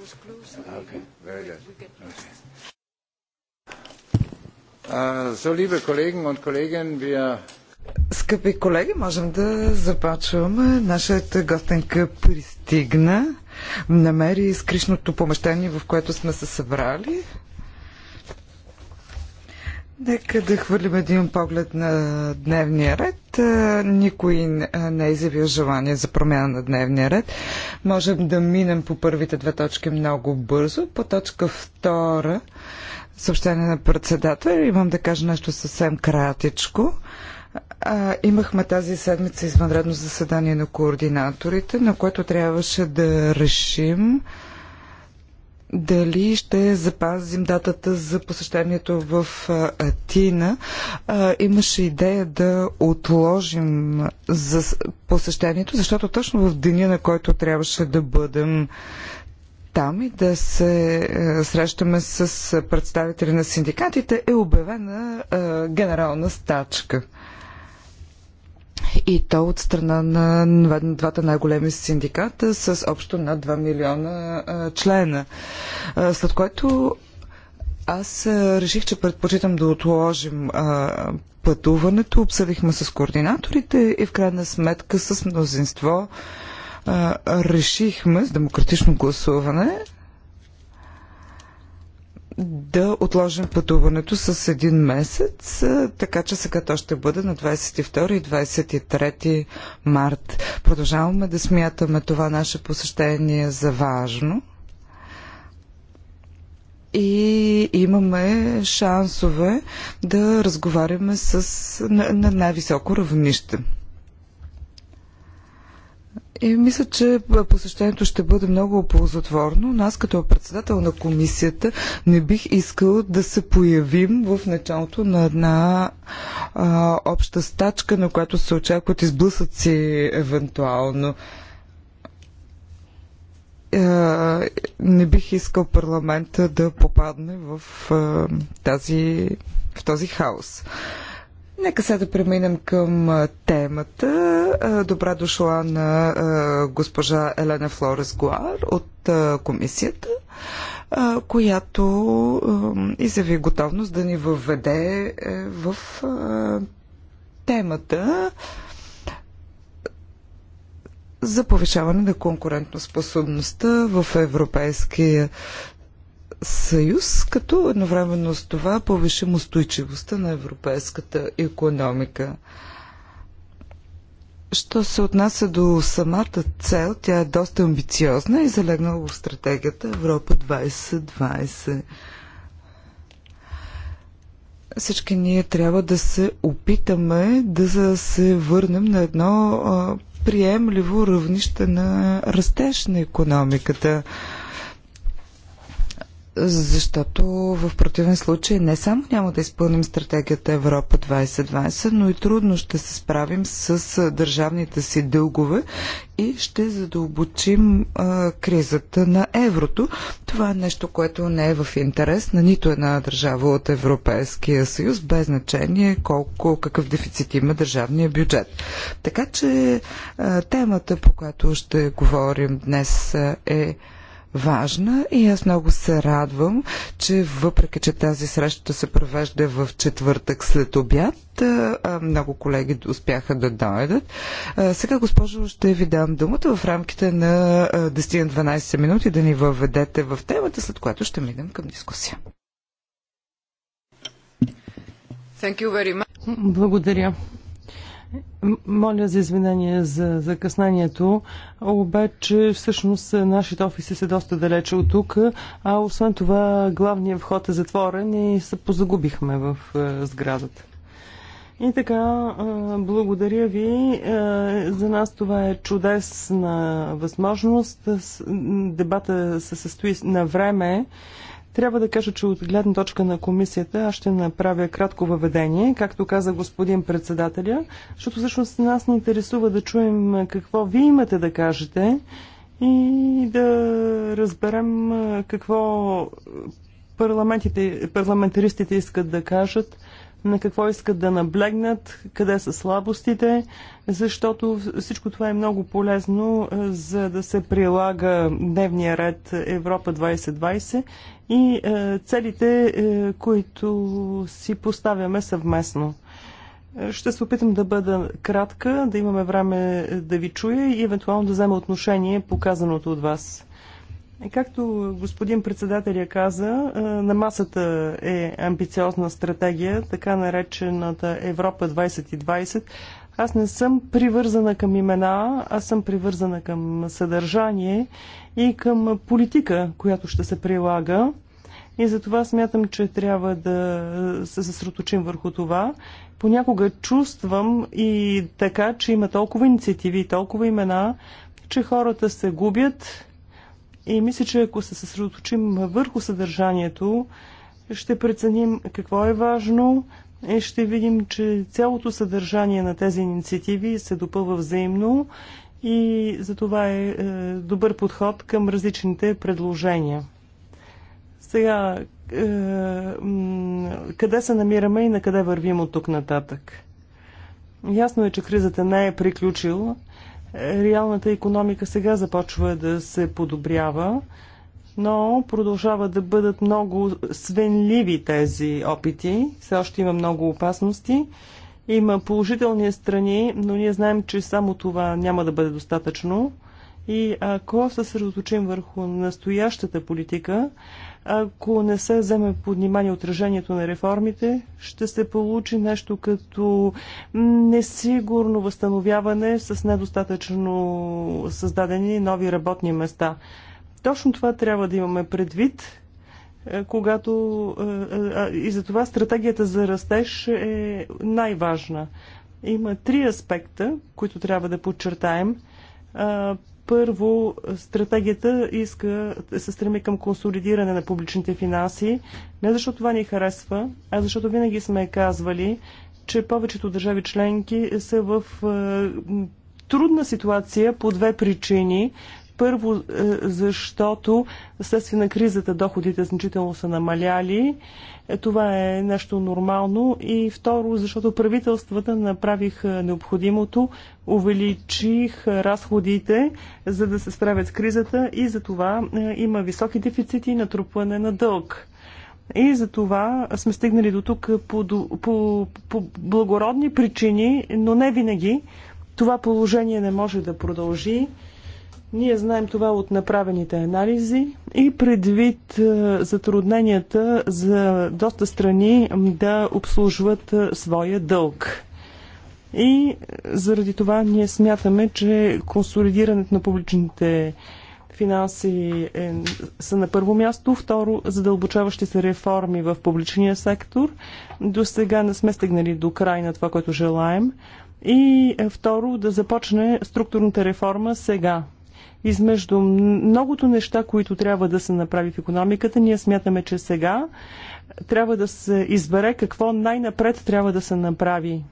was closed. Okay, very good. Okay. Uh, so, liebe Kollegen und Kolleginnen, wir Скъпи колеги, можем да започваме. Нашата гостенка пристигна, намери скришното помещение, в което сме се събрали. Нека да хвърлим един поглед на дневния ред. Никой не е изявил желание за промяна на дневния ред. Можем да минем по първите две точки много бързо. По точка втора, съобщение на председател, имам да кажа нещо съвсем кратичко. А, имахме тази седмица извънредно заседание на координаторите, на което трябваше да решим дали ще запазим датата за посещението в Атина. Имаше идея да отложим за посещението, защото точно в деня, на който трябваше да бъдем там и да се срещаме с представители на синдикатите, е обявена генерална стачка и то от страна на двата най-големи синдиката с общо над 2 милиона члена. След което аз реших, че предпочитам да отложим пътуването. Обсъдихме с координаторите и в крайна сметка с мнозинство решихме с демократично гласуване да отложим пътуването с един месец, така че сега то ще бъде на 22 и 23 март. Продължаваме да смятаме това наше посещение за важно и имаме шансове да разговаряме с, на, на най-високо равнище. И мисля, че посещението ще бъде много ползотворно, но аз като председател на комисията не бих искал да се появим в началото на една а, обща стачка, на която се очакват изблъсъци евентуално е, не бих искал парламента да попадне в, е, тази, в този хаос. Нека сега да преминем към темата. Добра дошла на госпожа Елена Флорес Гуар от комисията, която изяви готовност да ни въведе е, в темата за повишаване на конкурентоспособността в Европейския съюз, като едновременно с това повишим устойчивостта на европейската економика. Що се отнася до самата цел, тя е доста амбициозна и залегнала в стратегията Европа 2020. Всички ние трябва да се опитаме да се върнем на едно приемливо равнище на растеж на економиката защото в противен случай не само няма да изпълним стратегията Европа 2020, но и трудно ще се справим с държавните си дългове и ще задълбочим а, кризата на еврото. Това е нещо, което не е в интерес на нито една държава от Европейския съюз, без значение колко, какъв дефицит има държавния бюджет. Така че а, темата, по която ще говорим днес е важна и аз много се радвам, че въпреки, че тази среща се провежда в четвъртък след обяд, много колеги успяха да дойдат. Сега, госпожо, ще ви дам думата в рамките на 10-12 минути да ни въведете в темата, след което ще минем към дискусия. Благодаря. Моля за извинение за закъснанието, обаче всъщност нашите офиси са доста далече от тук, а освен това главният вход е затворен и се позагубихме в е, сградата. И така, е, благодаря ви. Е, за нас това е чудесна възможност. Дебата се състои на време. Трябва да кажа, че от гледна точка на комисията аз ще направя кратко въведение, както каза господин председателя, защото всъщност нас не интересува да чуем какво вие имате да кажете и да разберем какво парламентите, парламентаристите искат да кажат на какво искат да наблегнат, къде са слабостите, защото всичко това е много полезно е, за да се прилага дневния ред Европа 2020 и е, целите, е, които си поставяме съвместно. Ще се опитам да бъда кратка, да имаме време да ви чуя и евентуално да взема отношение по казаното от вас. Е, както господин председателя каза, е, на масата е амбициозна стратегия, така наречената Европа 2020. Аз не съм привързана към имена, аз съм привързана към съдържание и към политика, която ще се прилага. И затова смятам, че трябва да се съсредоточим върху това. Понякога чувствам и така, че има толкова инициативи, и толкова имена, че хората се губят и мисля, че ако се съсредоточим върху съдържанието, ще преценим какво е важно и ще видим, че цялото съдържание на тези инициативи се допълва взаимно и за това е, е добър подход към различните предложения. Сега, е, къде се намираме и на къде вървим от тук нататък? Ясно е, че кризата не е приключила Реалната економика сега започва да се подобрява, но продължава да бъдат много свенливи тези опити. Все още има много опасности. Има положителни страни, но ние знаем, че само това няма да бъде достатъчно. И ако се съсредоточим върху настоящата политика, ако не се вземе под внимание отражението на реформите, ще се получи нещо като несигурно възстановяване с недостатъчно създадени нови работни места. Точно това трябва да имаме предвид, е, когато е, е, и за това стратегията за растеж е най-важна. Има три аспекта, които трябва да подчертаем първо, стратегията иска, се стреми към консолидиране на публичните финанси, не защото това ни харесва, а защото винаги сме казвали, че повечето държави членки са в е, трудна ситуация по две причини. Първо, е, защото следствие на кризата доходите значително са намаляли. Е, това е нещо нормално. И второ, защото правителствата направиха е, необходимото, увеличих разходите, за да се справят с кризата и за това има високи дефицити и натрупване на дълг. И за това сме стигнали до тук по, по, по благородни причини, но не винаги. Това положение не може да продължи. Ние знаем това от направените анализи и предвид е, затрудненията за доста страни да обслужват е, своя дълг. И е, заради това ние смятаме, че консолидирането на публичните финанси е, са на първо място. Второ, задълбочаващи се реформи в публичния сектор. До сега не сме стигнали до край на това, което желаем. И второ, да започне структурната реформа сега. Измежду многото неща, които трябва да се направи в економиката, ние смятаме, че сега трябва да се избере какво най-напред трябва да се направи.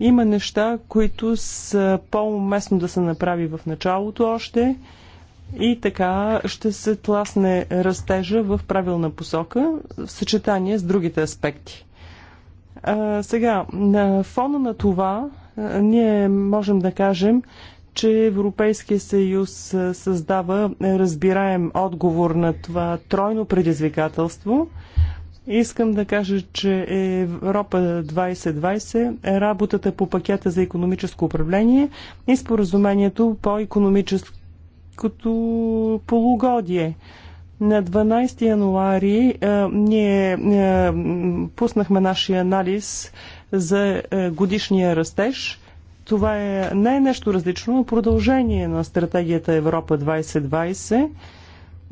Има неща, които са по-уместно да се направи в началото още и така ще се тласне растежа в правилна посока в съчетание с другите аспекти. А, сега, на фона на това, ние можем да кажем, че Европейския съюз създава разбираем отговор на това тройно предизвикателство. Искам да кажа, че Европа 2020 е работата по пакета за економическо управление и споразумението по економическото полугодие. На 12 януари е, ние е, пуснахме нашия анализ за е, годишния растеж това е, не е нещо различно, но продължение на стратегията Европа 2020.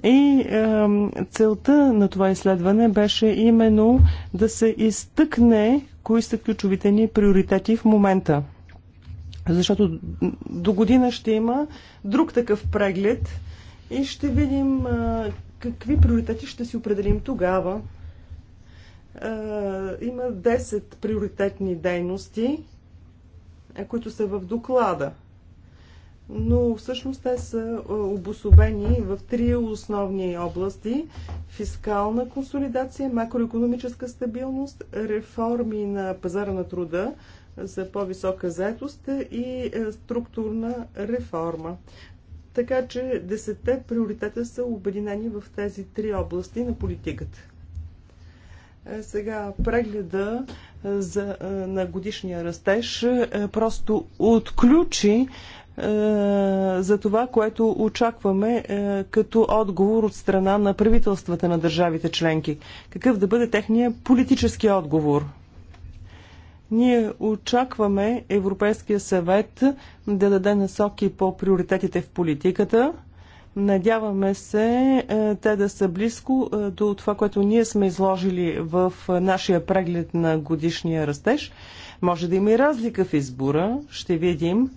И е, целта на това изследване беше именно да се изтъкне кои са ключовите ни приоритети в момента. Защото до година ще има друг такъв преглед и ще видим е, какви приоритети ще си определим тогава. Е, има 10 приоритетни дейности е, които са в доклада. Но всъщност те са е, обособени в три основни области фискална консолидация, макроекономическа стабилност, реформи на пазара на труда за по-висока заетост и е, структурна реформа. Така че десетте приоритета са обединени в тези три области на политиката. Е, сега прегледа е, за, е, на годишния растеж просто отключи за това, което очакваме като отговор от страна на правителствата на държавите членки. Какъв да бъде техния политически отговор? Ние очакваме Европейския съвет да даде насоки по приоритетите в политиката – Надяваме се е, те да са близко е, до това, което ние сме изложили в е, нашия преглед на годишния растеж. Може да има и разлика в избора, ще видим,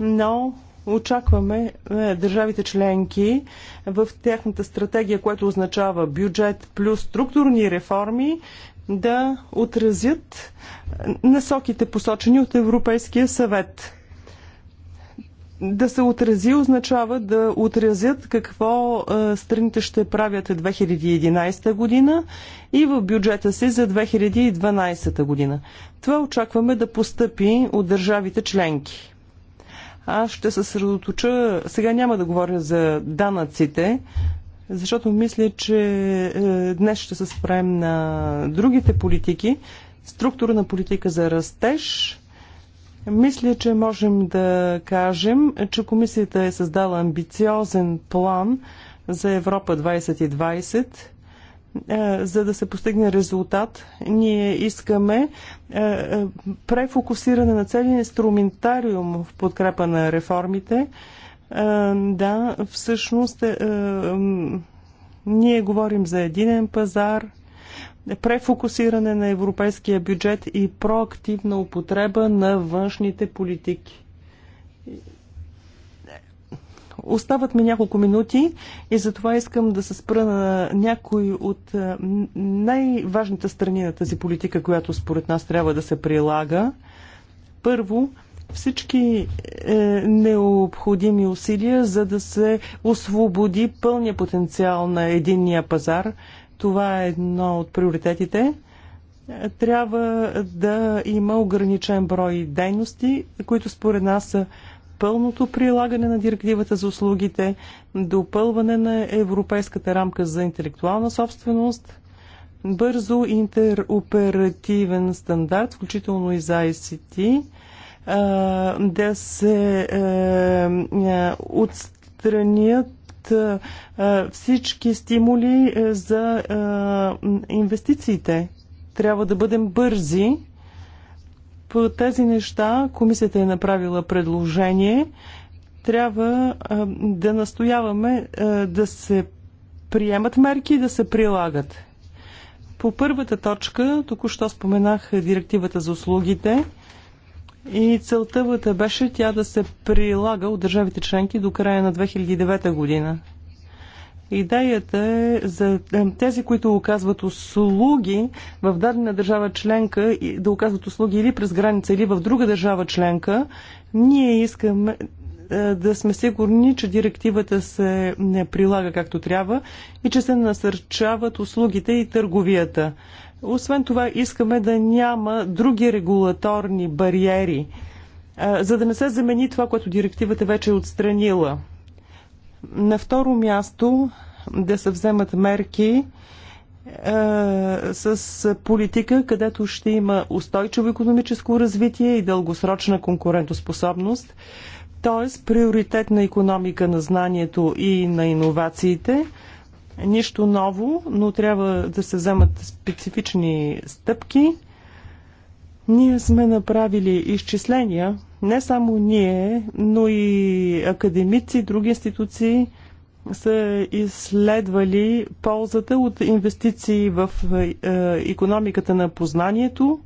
но очакваме държавите членки в тяхната стратегия, което означава бюджет плюс структурни реформи, да отразят насоките посочени от Европейския съвет да се отрази означава да отразят какво страните ще правят 2011 година и в бюджета си за 2012 година. Това очакваме да постъпи от държавите членки. Аз ще се съсредоточа, сега няма да говоря за данъците, защото мисля, че е, днес ще се справим на другите политики. Структура на политика за растеж – мисля, че можем да кажем, че комисията е създала амбициозен план за Европа 2020 е, за да се постигне резултат, ние искаме е, е, префокусиране на целият инструментариум в подкрепа на реформите. Да, всъщност ние говорим за единен пазар, префокусиране на европейския бюджет и проактивна употреба на външните политики. Остават ми няколко минути и затова искам да се спра на някои от е, най-важните страни на тази политика, която според нас трябва да се прилага. Първо, всички е, необходими усилия, за да се освободи пълния потенциал на единния пазар, това е едно от приоритетите. Трябва да има ограничен брой дейности, които според нас са пълното прилагане на директивата за услугите, допълване на европейската рамка за интелектуална собственост, бързо интероперативен стандарт, включително и за ICT, да се е, е, отстранят всички стимули е, за инвестициите. Трябва да бъдем бързи. По тези неща комисията е направила предложение. Трябва да настояваме да се приемат мерки и да се прилагат. По първата точка, току-що споменах директивата за услугите. И целта беше тя да се прилага от държавите членки до края на 2009 година. Идеята е за е, тези, които оказват услуги в дадена държава членка, да оказват услуги или през граница, или в друга държава членка, ние искаме е, да сме сигурни, че директивата се не прилага както трябва и че се насърчават услугите и търговията. Освен това, искаме да няма други регулаторни бариери, за да не се замени това, което директивата вече е отстранила. На второ място да се вземат мерки е, с политика, където ще има устойчиво економическо развитие и дългосрочна конкурентоспособност, т.е. приоритет на економика на знанието и на иновациите – нищо ново, но трябва да се вземат специфични стъпки. Ние сме направили изчисления, не само ние, но и академици, други институции са изследвали ползата от инвестиции в економиката е, на познанието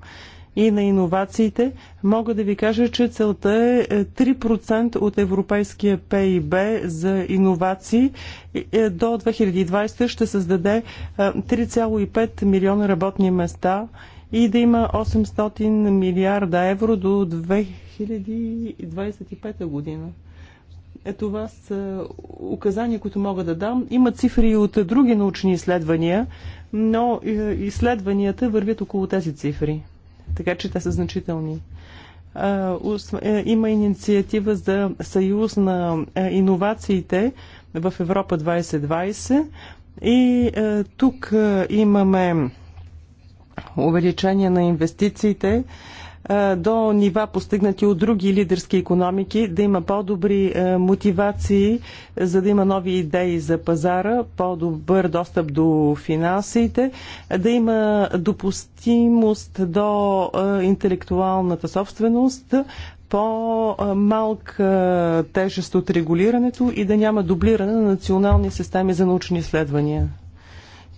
и на иновациите, мога да ви кажа, че целта е 3% е, от европейския ПИБ за иновации. Е, до 2020 ще създаде 3,5 е, милиона работни места и да има 800 милиарда евро до 2025 година. Е, това са указания, които мога да дам. Има цифри от други научни изследвания, но изследванията вървят около тези цифри така че те са значителни. Е, има инициатива за съюз на е, иновациите в Европа 2020 и е, тук имаме увеличение на инвестициите до нива постигнати от други лидерски економики, да има по-добри мотивации, за да има нови идеи за пазара, по-добър достъп до финансите, да има допустимост до интелектуалната собственост, по-малка тежест от регулирането и да няма дублиране на национални системи за научни изследвания.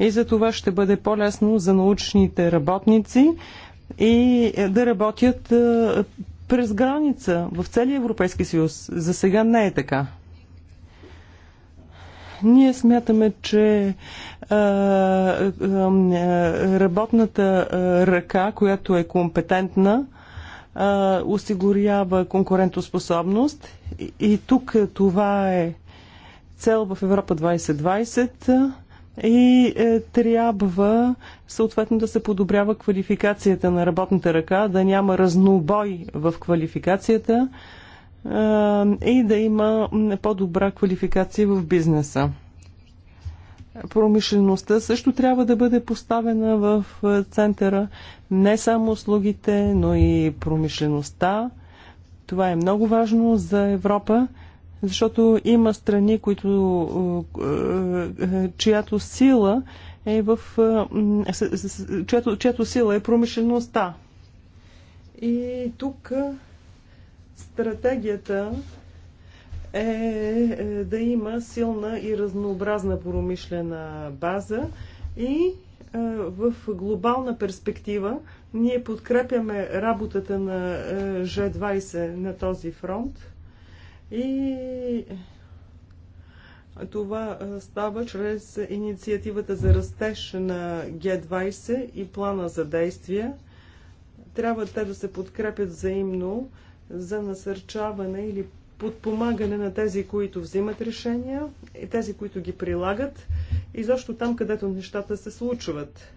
И за това ще бъде по-лесно за научните работници и да работят през граница в целия Европейски съюз. За сега не е така. Ние смятаме, че а, а, работната ръка, която е компетентна, а, осигурява конкурентоспособност. И, и тук това е цел в Европа 2020 и е, трябва съответно да се подобрява квалификацията на работната ръка, да няма разнобой в квалификацията е, и да има по-добра квалификация в бизнеса. Промишлеността също трябва да бъде поставена в е, центъра не само услугите, но и промишлеността. Това е много важно за Европа защото има страни, които, е, е, чиято сила е в е, чиято, чиято сила е промишлеността. И тук стратегията е да има силна и разнообразна промишлена база и в глобална перспектива ние подкрепяме работата на G20 на този фронт и това става чрез инициативата за растеж на Г20 и плана за действия. Трябва те да се подкрепят взаимно за насърчаване или подпомагане на тези, които взимат решения и тези, които ги прилагат и защо там, където нещата се случват.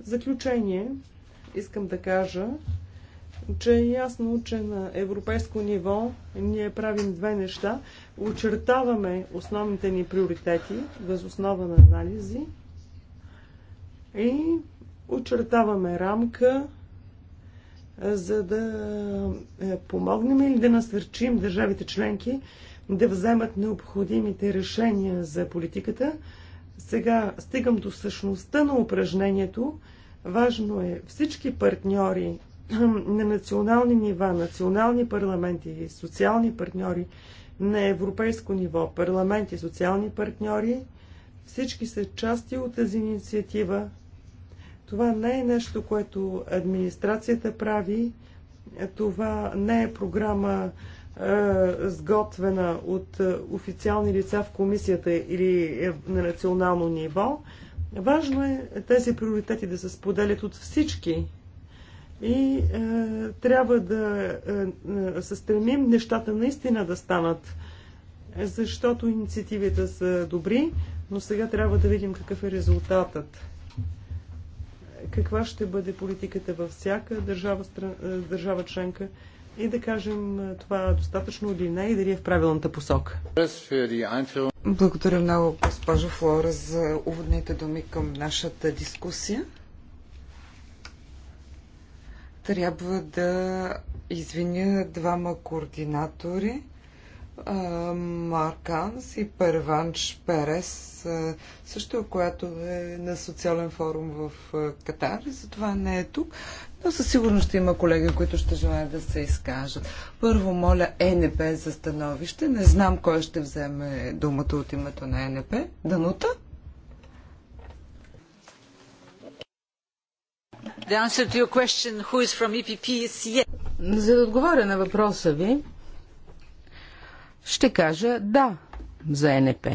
В заключение искам да кажа, че е ясно, че на европейско ниво ние правим две неща. Очертаваме основните ни приоритети въз основа на анализи и очертаваме рамка, за да помогнем или да насърчим държавите членки да вземат необходимите решения за политиката. Сега стигам до същността на упражнението. Важно е всички партньори на национални нива, национални парламенти, социални партньори, на европейско ниво, парламенти, социални партньори, всички са части от тази инициатива. Това не е нещо, което администрацията прави, това не е програма е, сготвена от е, официални лица в комисията или е, на национално ниво. Важно е тези приоритети да се споделят от всички и е, трябва да е, се стремим нещата наистина да станат, защото инициативите са добри, но сега трябва да видим какъв е резултатът. Каква ще бъде политиката във всяка държава, е, държава членка и да кажем е, това достатъчно или не и дали е в правилната посока. Благодаря много, госпожо Флора, за уводните думи към нашата дискусия трябва да извиня двама координатори. Марканс и Перванш Перес, също която е на социален форум в Катар и затова не е тук. Но със сигурност ще има колеги, които ще желаят да се изкажат. Първо, моля ЕНП за становище. Не знам кой ще вземе думата от името на ЕНП. Данута? E за да отговоря на въпроса ви, ще кажа да за НП.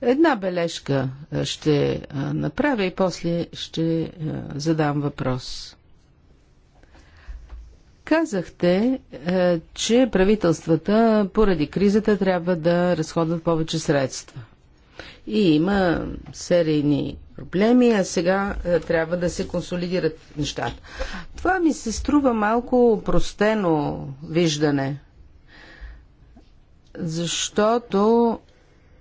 Една бележка ще направя и после ще задам въпрос. Казахте, че правителствата поради кризата трябва да разходват повече средства. И има серийни проблеми, а сега а, е, трябва да се консолидират нещата. Това ми се струва малко простено виждане, защото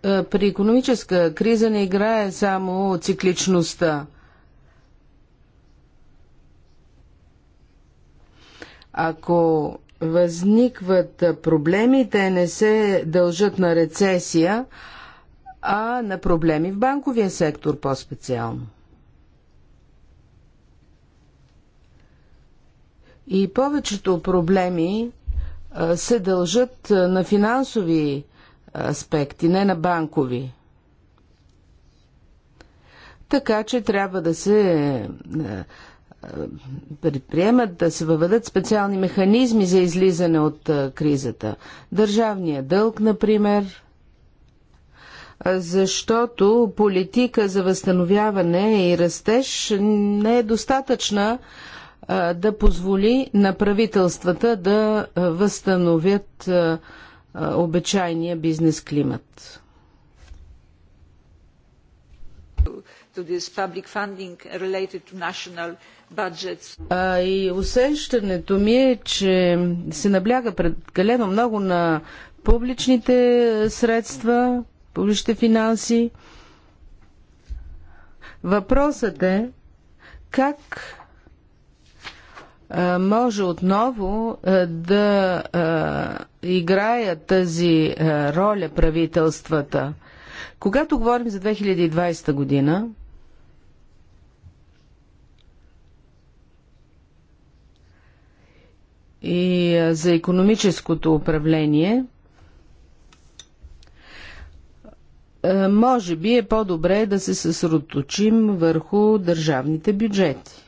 а, е, при економическа криза не играе само цикличността. Ако възникват проблеми, те не се дължат на рецесия, а на проблеми в банковия сектор по-специално. И повечето проблеми се дължат на финансови аспекти, не на банкови. Така че трябва да се предприемат, да се въведат специални механизми за излизане от кризата. Държавния дълг, например, защото политика за възстановяване и растеж не е достатъчна да позволи на правителствата да възстановят обичайния бизнес климат. и усещането ми е, че се набляга прекалено много на публичните средства, публичните финанси. Въпросът е как може отново да играят тази роля правителствата. Когато говорим за 2020 година, и за економическото управление, Е, може би е по-добре да се съсредоточим върху държавните бюджети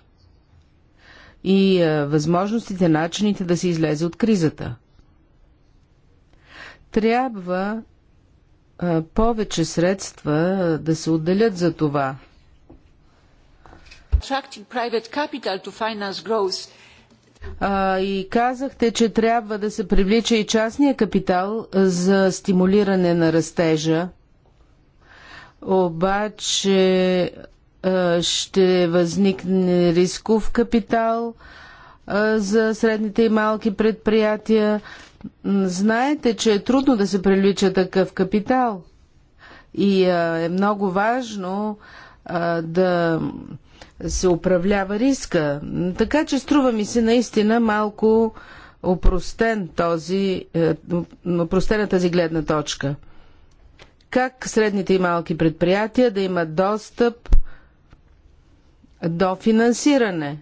и е, възможностите, начините да се излезе от кризата. Трябва е, повече средства да се отделят за това. и казахте, че трябва да се привлича и частния капитал за стимулиране на растежа обаче ще възникне рисков капитал за средните и малки предприятия. Знаете, че е трудно да се прилича такъв капитал и е много важно да се управлява риска. Така че струва ми се наистина малко опростен този, опростена е, тази гледна точка как средните и малки предприятия да имат достъп до финансиране.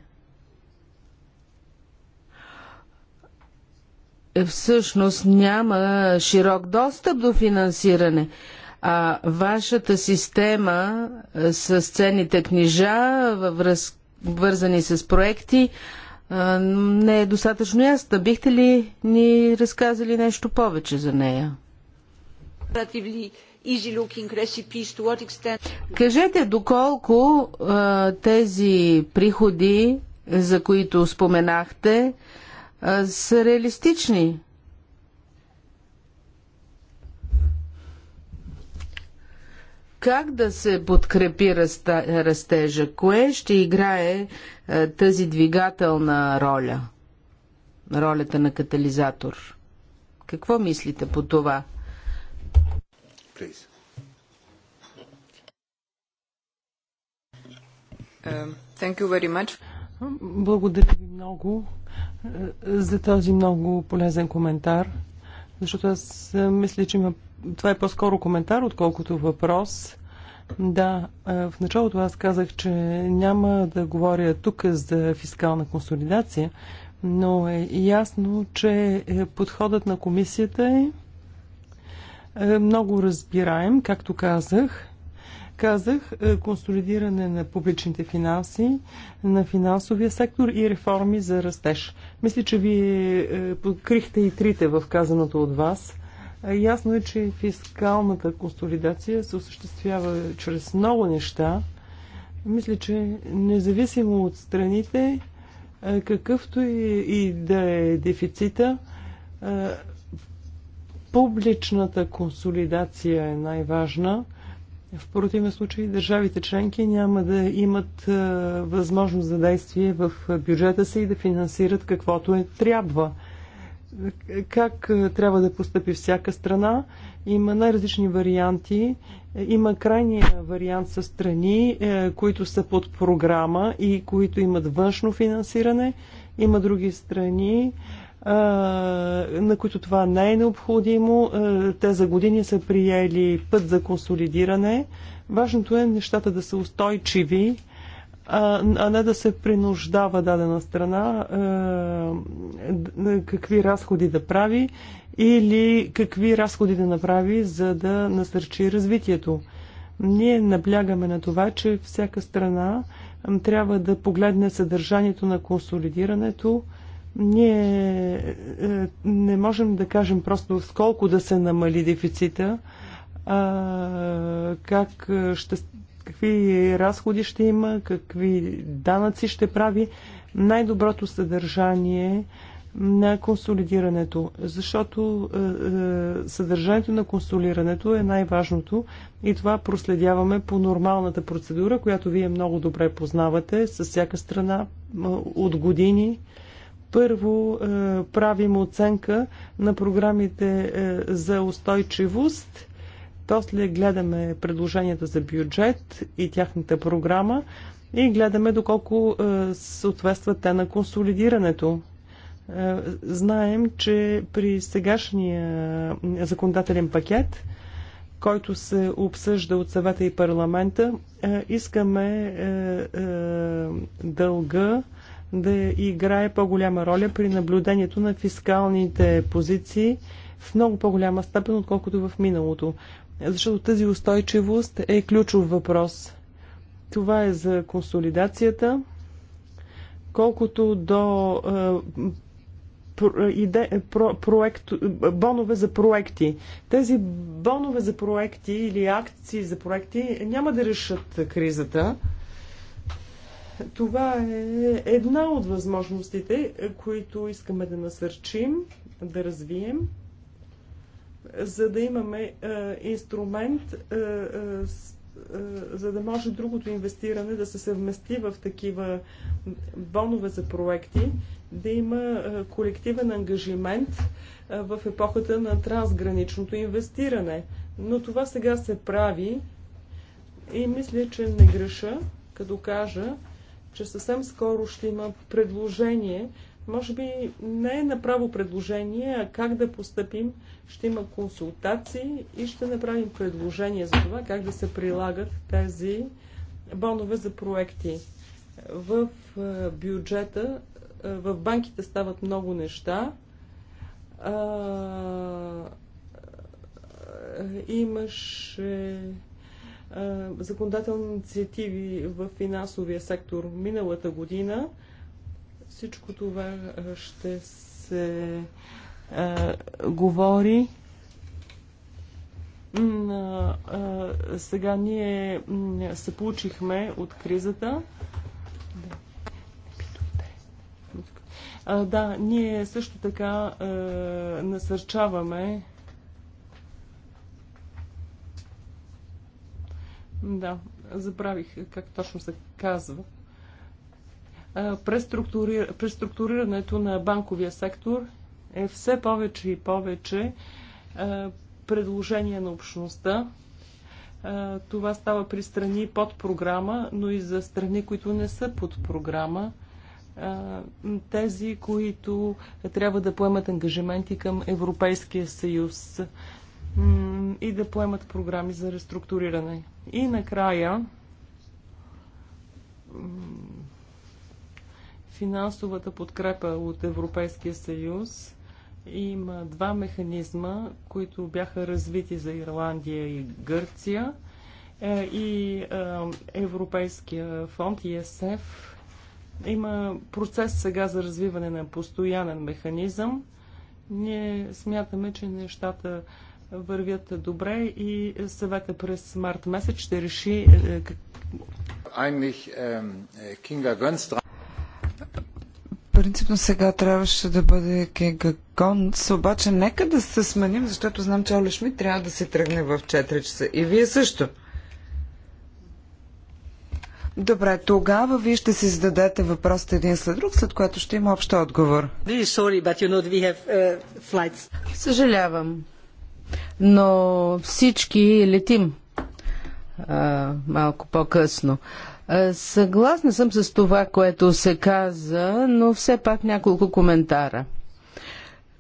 Е, всъщност няма широк достъп до финансиране. А вашата система е, с ценните книжа, вързани с проекти, е, не е достатъчно ясна. Бихте ли ни разказали нещо повече за нея? Кажете доколко а, тези приходи, за които споменахте, а, са реалистични? Как да се подкрепи растежа? Кое ще играе а, тази двигателна роля? Ролята на катализатор? Какво мислите по това? Please. Um, thank you very much. Благодаря ви много е, за този много полезен коментар, защото аз мисля, че има... това е по-скоро коментар, отколкото въпрос. Да, е, в началото аз казах, че няма да говоря тук за фискална консолидация, но е ясно, че е, подходът на комисията е е, много разбираем, както казах. Казах е, консолидиране на публичните финанси, на финансовия сектор и реформи за растеж. Мисля, че вие покрихте и трите в казаното от вас. Е, ясно е, че фискалната консолидация се осъществява чрез много неща. Мисля, че независимо от страните, какъвто и, и да е дефицита, публичната консолидация е най-важна. В противен случай държавите членки няма да имат е, възможност за действие в бюджета си и да финансират каквото е трябва. Как е, трябва да поступи всяка страна? Има най-различни варианти. Има крайния вариант с страни, е, които са под програма и които имат външно финансиране. Има други страни, на които това не е необходимо. Те за години са приели път за консолидиране. Важното е нещата да са устойчиви, а не да се принуждава дадена страна какви разходи да прави или какви разходи да направи, за да насърчи развитието. Ние наблягаме на това, че всяка страна трябва да погледне съдържанието на консолидирането, ние е, не можем да кажем просто сколко да се намали дефицита, а как е, ще, какви разходи ще има, какви данъци ще прави. Най-доброто съдържание на консолидирането, защото е, е, съдържанието на консолирането е най-важното и това проследяваме по нормалната процедура, която вие много добре познавате с всяка страна от години. Е, първо е, правим оценка на програмите е, за устойчивост. то след гледаме предложенията за бюджет и тяхната програма и гледаме доколко е, съответстват те на консолидирането. Знаем, че при сегашния законодателен пакет, който се обсъжда от съвета и парламента, искаме дълга да играе по-голяма роля при наблюдението на фискалните позиции в много по-голяма степен, отколкото в миналото. Защото тази устойчивост е ключов въпрос. Това е за консолидацията. Колкото до е, иде, про, проект, бонове за проекти. Тези бонове за проекти или акции за проекти няма да решат кризата. Това е една от възможностите, които искаме да насърчим, да развием, за да имаме е, инструмент, е, е, за да може другото инвестиране да се съвмести в такива бонове за проекти, да има колективен ангажимент в епохата на трансграничното инвестиране. Но това сега се прави и мисля, че не греша, като кажа, че съвсем скоро ще има предложение. Може би не е направо предложение, а как да поступим. Ще има консултации и ще направим предложение за това как да се прилагат тези бонове за проекти. В бюджета, в банките стават много неща имаше законодателни инициативи в финансовия сектор миналата година. Всичко това ще се говори. сега ние се получихме от кризата. да, ние също така насърчаваме Да, забравих как точно се казва. Преструктури... Преструктурирането на банковия сектор е все повече и повече предложение на общността. Това става при страни под програма, но и за страни, които не са под програма. Тези, които трябва да поемат ангажименти към Европейския съюз и да поемат програми за реструктуриране. И накрая финансовата подкрепа от Европейския съюз има два механизма, които бяха развити за Ирландия и Гърция е, и е, Европейския фонд ЕСЕФ Има процес сега за развиване на постоянен механизъм. Ние смятаме, че нещата вървят добре и съвета през март месец ще реши е, э, Принципно сега трябваше да бъде Кинга Гонс. обаче нека да се сменим, защото знам, че Оле Шмидт трябва да се тръгне в 4 часа. И вие също. Добре, тогава вие ще си зададете въпросите един след друг, след което ще има общ отговор. you know, have, uh, Съжалявам но всички летим а, малко по-късно. Съгласна съм с това, което се каза, но все пак няколко коментара.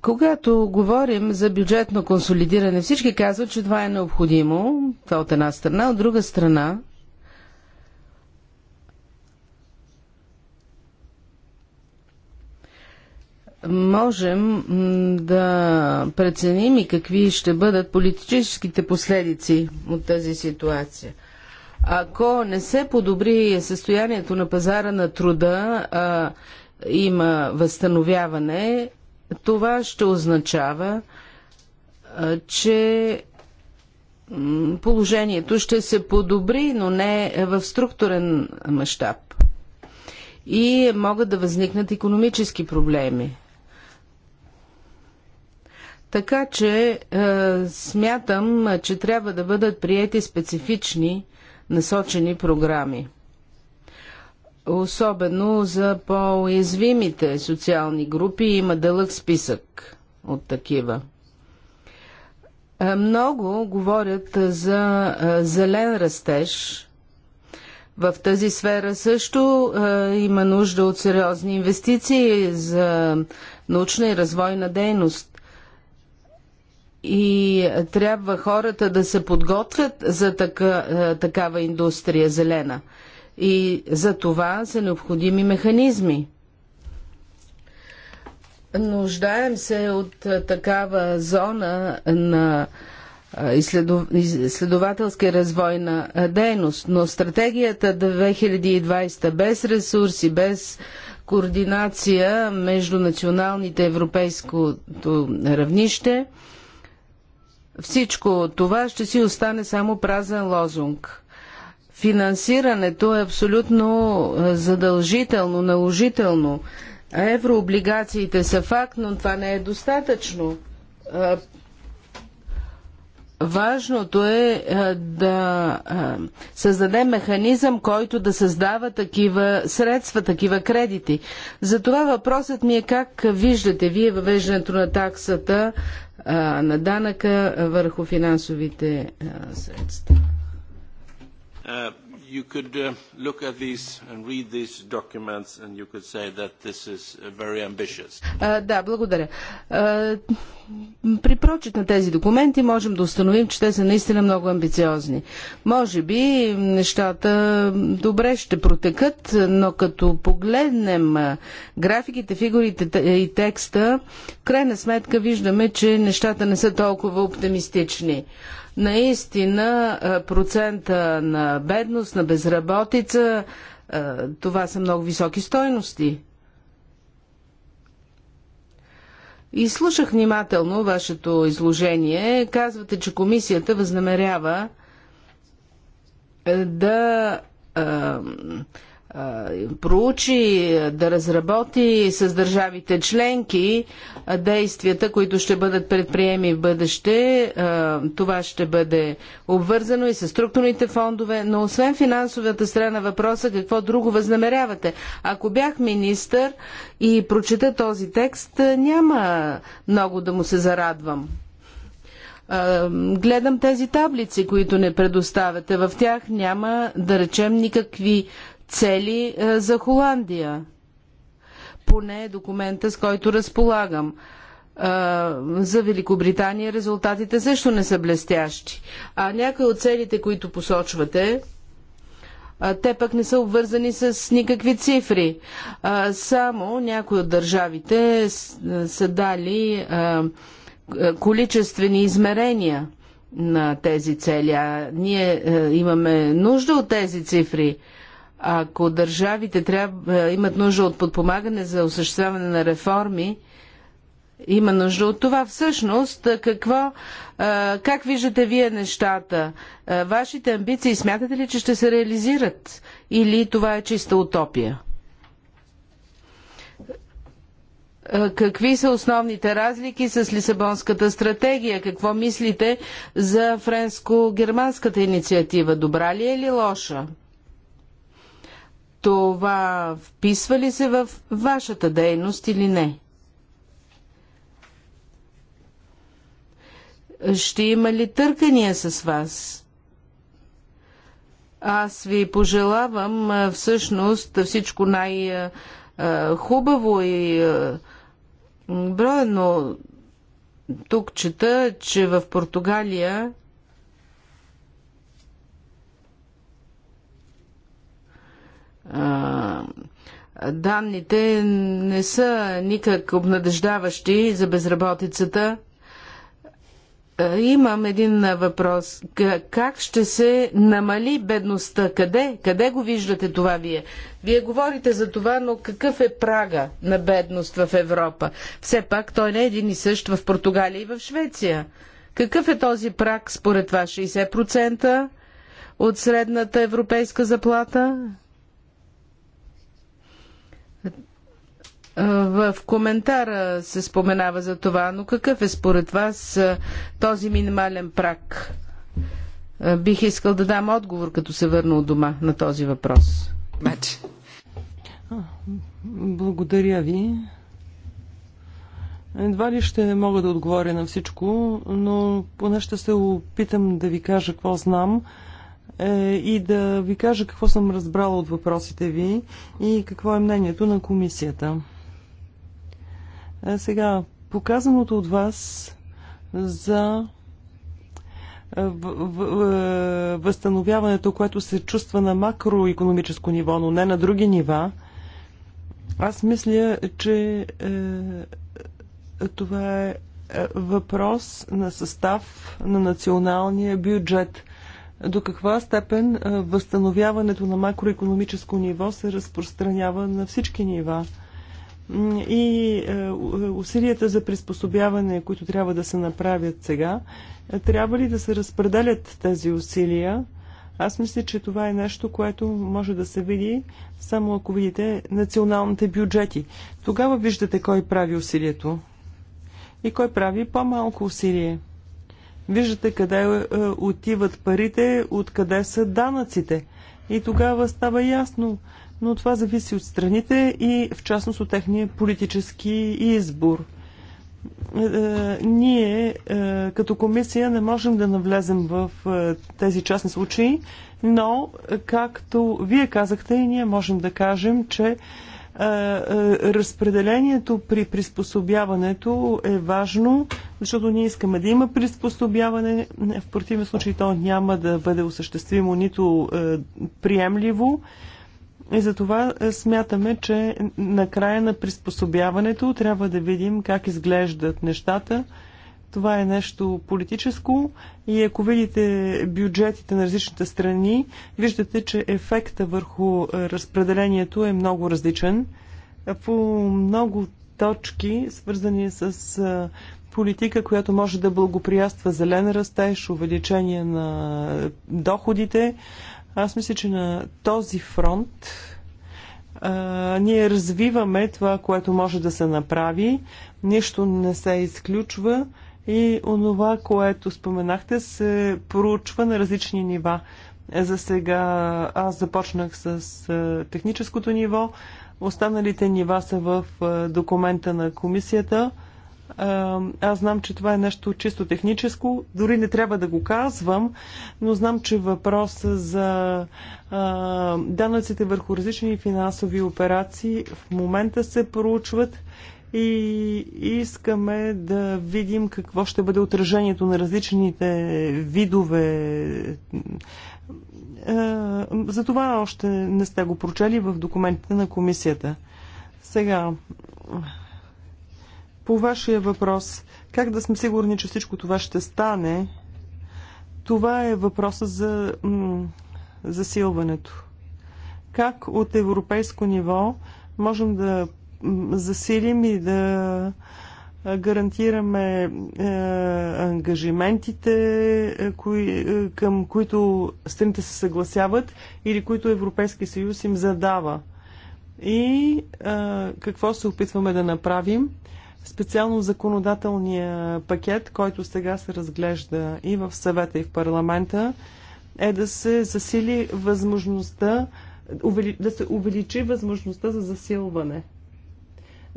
Когато говорим за бюджетно консолидиране, всички казват, че това е необходимо. Това от една страна. От друга страна, можем да преценим и какви ще бъдат политическите последици от тази ситуация. Ако не се подобри състоянието на пазара на труда, а има възстановяване, това ще означава, че положението ще се подобри, но не в структурен мащаб. И могат да възникнат економически проблеми така че е, смятам, че трябва да бъдат приети специфични насочени програми. Особено за по-уязвимите социални групи има дълъг списък от такива. Е, много говорят за е, зелен растеж. В тази сфера също е, има нужда от сериозни инвестиции за научна и развойна дейност и трябва хората да се подготвят за така, е, такава индустрия зелена. И за това са необходими механизми. Нуждаем се от е, такава зона на е, изследователска развойна дейност, но стратегията 2020 без ресурси, без координация между националните европейското равнище – всичко това ще си остане само празен лозунг. Финансирането е абсолютно е, задължително, наложително. Еврооблигациите са факт, но това не е достатъчно. Е, Важното е, е да е, създаде механизъм, който да създава такива средства, такива кредити. Затова въпросът ми е как виждате вие въвеждането на таксата е, на данъка върху финансовите средства you could uh, look at these and read these documents and you could say that this is uh, very ambitious. да, благодаря. при прочит на тези документи можем да установим, че те са наистина много амбициозни. Може би нещата добре ще протекат, но като погледнем графиките, фигурите и текста, в крайна сметка виждаме, че нещата не са толкова оптимистични. Uh, Наистина е, процента на бедност, на безработица, е, това са много високи стойности. И слушах внимателно вашето изложение. Казвате, че комисията възнамерява е, да проучи, да разработи с държавите членки действията, които ще бъдат предприеми в бъдеще. Това ще бъде обвързано и с структурните фондове, но освен финансовата страна въпроса, какво друго възнамерявате? Ако бях министър и прочета този текст, няма много да му се зарадвам гледам тези таблици, които не предоставяте. В тях няма, да речем, никакви цели е, за Холандия. Поне е документа, с който разполагам. Е, за Великобритания резултатите също не са блестящи. А някои от целите, които посочвате, те пък не са обвързани с никакви цифри. Само някои от държавите са дали количествени измерения на тези цели. А ние имаме нужда от тези цифри. Ако държавите трябва, е, имат нужда от подпомагане за осъществяване на реформи, има нужда от това. Всъщност, какво, е, как виждате вие нещата? Е, вашите амбиции смятате ли, че ще се реализират? Или това е чиста утопия? Какви са основните разлики с Лисабонската стратегия? Какво мислите за френско-германската инициатива? Добра ли е или лоша? Това вписва ли се в вашата дейност или не? Ще има ли търкания с вас? Аз ви пожелавам всъщност всичко най-хубаво и броено. тук чета, че в Португалия данните не са никак обнадеждаващи за безработицата. Имам един въпрос. Как ще се намали бедността? Къде? Къде го виждате това вие? Вие говорите за това, но какъв е прага на бедност в Европа? Все пак той не е един и същ в Португалия и в Швеция. Какъв е този праг според вас? 60% от средната европейска заплата? В коментара се споменава за това, но какъв е според вас този минимален прак? Бих искал да дам отговор, като се върна от дома на този въпрос. Благодаря ви. Едва ли ще мога да отговоря на всичко, но поне ще се опитам да ви кажа какво знам е, и да ви кажа какво съм разбрала от въпросите ви и какво е мнението на комисията. Сега, показаното от вас за възстановяването, което се чувства на макроекономическо ниво, но не на други нива, аз мисля, че е, това е, е въпрос на състав на националния бюджет. До каква степен е, възстановяването на макроекономическо ниво се разпространява на всички нива? и е, усилията за приспособяване, които трябва да се направят сега, е, трябва ли да се разпределят тези усилия? Аз мисля, че това е нещо, което може да се види само ако видите националните бюджети. Тогава виждате кой прави усилието и кой прави по-малко усилие. Виждате къде е, отиват парите, откъде са данъците. И тогава става ясно, но това зависи от страните и в частност от техния политически избор. Е, е, ние е, като комисия не можем да навлезем в тези частни случаи, но както вие казахте и ние можем да кажем, че разпределението при приспособяването е важно, защото ние искаме да има приспособяване. В противен случай то няма да бъде осъществимо нито приемливо. И затова е, смятаме, че на края на приспособяването трябва да видим как изглеждат нещата. Това е нещо политическо и ако видите бюджетите на различните страни, виждате, че ефекта върху е, разпределението е много различен. По много точки, свързани с е, политика, която може да благоприятства зелен растеж, увеличение на доходите, аз мисля, че на този фронт а, ние развиваме това, което може да се направи. Нищо не се изключва и онова, което споменахте, се проучва на различни нива. За сега аз започнах с техническото ниво. Останалите нива са в документа на комисията. Аз знам, че това е нещо чисто техническо, дори не трябва да го казвам, но знам, че въпроса за данъците върху различни финансови операции в момента се проучват и искаме да видим какво ще бъде отражението на различните видове. За това още не сте го прочели в документите на комисията. Сега, по вашия въпрос, как да сме сигурни, че всичко това ще стане, това е въпросът за засилването. Как от европейско ниво можем да засилим и да гарантираме е, ангажиментите, е, кои, е, към които страните се съгласяват или които Европейския съюз им задава. И е, какво се опитваме да направим? Е, специално законодателния пакет, който сега се разглежда и в съвета, и в парламента, е да се засили възможността, да се увеличи възможността за засилване.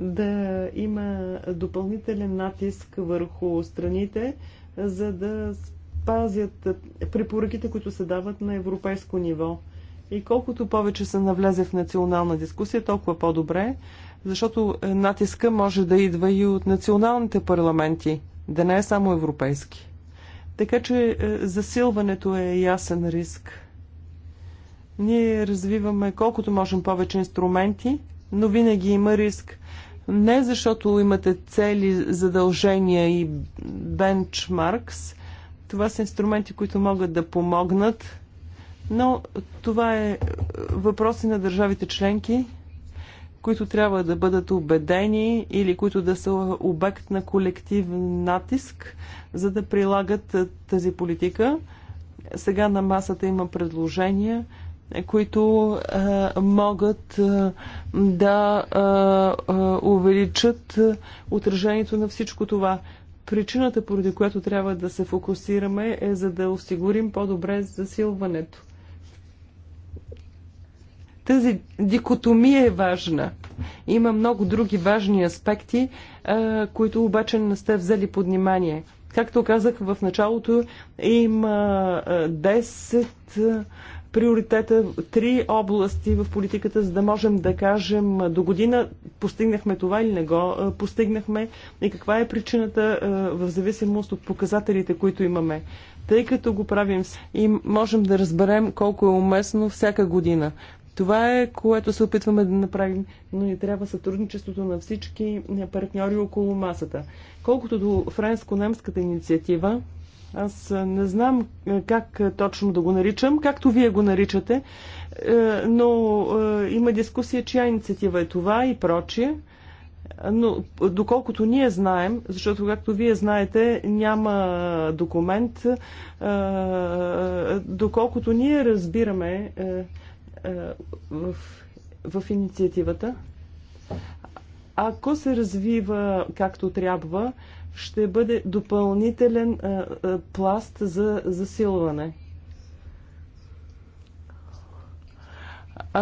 Да има допълнителен натиск върху страните, за да спазят препоръките, които се дават на европейско ниво. И колкото повече се навлезе в национална дискусия, толкова по-добре защото е, натиска може да идва и от националните парламенти, да не е само европейски. Така че е, засилването е ясен риск. Ние развиваме колкото можем повече инструменти, но винаги има риск. Не защото имате цели, задължения и бенчмаркс. Това са инструменти, които могат да помогнат, но това е, е въпроси на държавите членки които трябва да бъдат убедени или които да са обект на колектив натиск, за да прилагат тази политика. Сега на масата има предложения, които е, могат е, да е, увеличат отражението на всичко това. Причината, поради която трябва да се фокусираме, е за да осигурим по-добре засилването. Тази дикотомия е важна. Има много други важни аспекти, които обаче не сте взели под внимание. Както казах в началото, има 10 приоритета, три области в политиката, за да можем да кажем до година постигнахме това или не го постигнахме и каква е причината в зависимост от показателите, които имаме. Тъй като го правим и можем да разберем колко е уместно всяка година. Това е, което се опитваме да направим, но ни трябва сътрудничеството на всички партньори около масата. Колкото до френско-немската инициатива, аз не знам е, как е, точно да го наричам, както вие го наричате, е, но има дискусия чия инициатива е това и прочие. Но доколкото ние знаем, защото както вие знаете, няма документ, доколкото ние разбираме е, в, в инициативата. Ако се развива както трябва, ще бъде допълнителен е, е, пласт за засилване.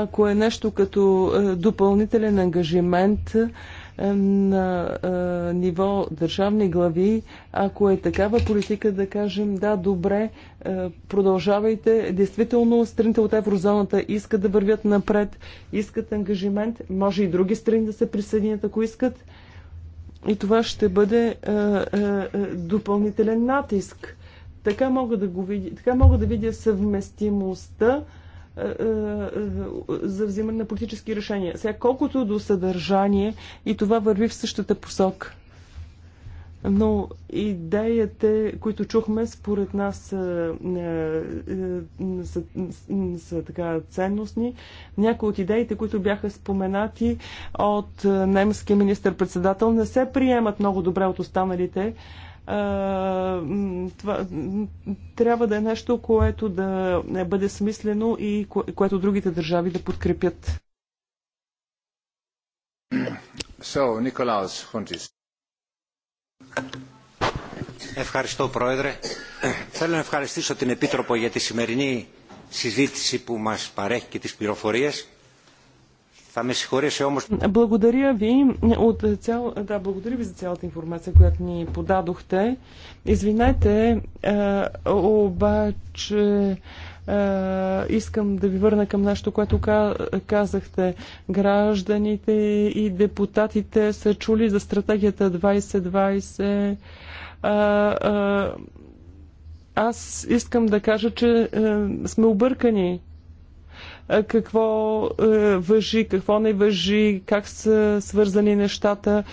ако е нещо като е, допълнителен ангажимент е, на е, ниво държавни глави, ако е такава политика, да кажем, да, добре, продължавайте. Действително, страните от еврозоната искат да вървят напред, искат ангажимент, може и други страни да се присъединят, ако искат. И това ще бъде допълнителен натиск. Така мога да, го видя, така мога да видя съвместимостта е, е, е, за взимане на политически решения. Сега колкото до съдържание и това върви в същата посока. Но идеите, които чухме, според нас са, са, са така ценностни. Някои от идеите, които бяха споменати от немския министр-председател, не се приемат много добре от останалите това трябва да е нещо, което да не бъде смислено и което другите държави да подкрепят. So, Николаус Хунтис. Ευχαριστώ Πρόεδρε. Θέλω να ευχαριστήσω την Επίτροπο για τη σημερινή συζήτηση που μας παρέχει και τις πληροφορίες благодаря ви, от цял... да, благодаря ви за цялата информация, която ни подадохте. Извинете, е, обаче е, искам да ви върна към нещо, което казахте. Гражданите и депутатите са чули за стратегията 2020. Е, аз искам да кажа, че сме объркани какво е, въжи, какво не въжи, как са свързани нещата,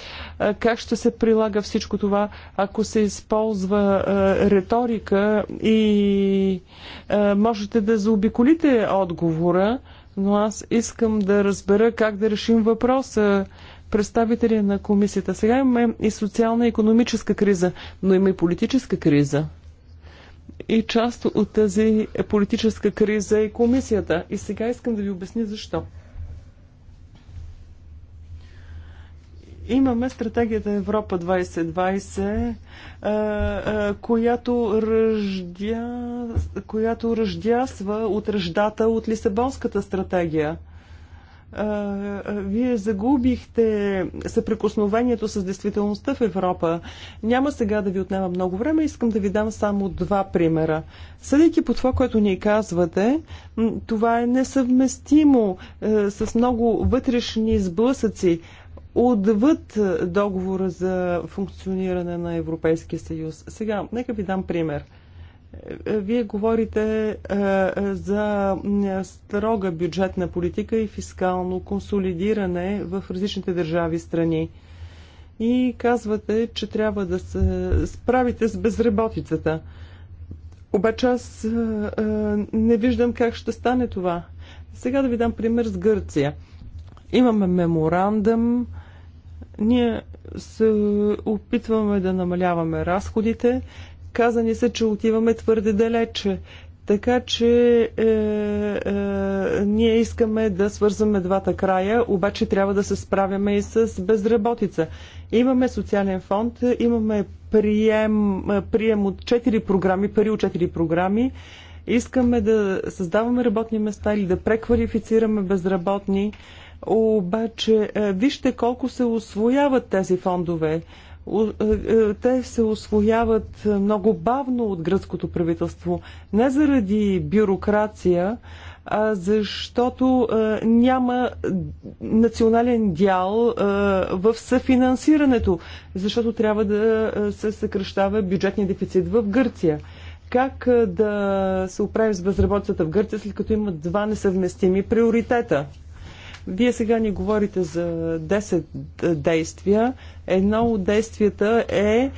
как ще се прилага всичко това, ако се използва е, риторика и е, можете да заобиколите отговора, но аз искам да разбера как да решим въпроса представители на комисията. Сега имаме и социална и економическа криза, но има и политическа криза. И част от тази политическа криза и комисията. И сега искам да ви обясня защо. Имаме стратегията Европа 2020, е, е, която, ръждя, която ръждясва от ръждата от Лисабонската стратегия – вие загубихте съприкосновението с действителността в Европа. Няма сега да ви отнема много време, искам да ви дам само два примера. Съдейки по това, което ни казвате, това е несъвместимо е, с много вътрешни сблъсъци отвъд договора за функциониране на Европейския съюз. Сега, нека ви дам пример – е, вие говорите е, е, за строга бюджетна политика и фискално консолидиране в различните държави страни. И казвате, че трябва да се справите с безработицата. Обаче аз не виждам как ще стане това. Сега да ви дам пример с Гърция. Имаме меморандъм. Ние се опитваме да намаляваме разходите. Каза ни се, че отиваме твърде далече. Така че е, е, ние искаме да свързваме двата края, обаче трябва да се справяме и с безработица. Имаме социален фонд, имаме прием, е, прием от 4 програми, пари от 4 програми. Искаме да създаваме работни места или да преквалифицираме безработни. Обаче, е, вижте колко се освояват тези фондове. Е, е, те се освояват е, много бавно от гръцкото правителство. Не заради бюрокрация, а защото няма национален дял в съфинансирането, защото трябва да се съкръщава бюджетния дефицит в Гърция. Как да се оправим с безработицата в Гърция, след като има два несъвместими приоритета? Вие сега ни говорите за 10 действия. Едно от действията е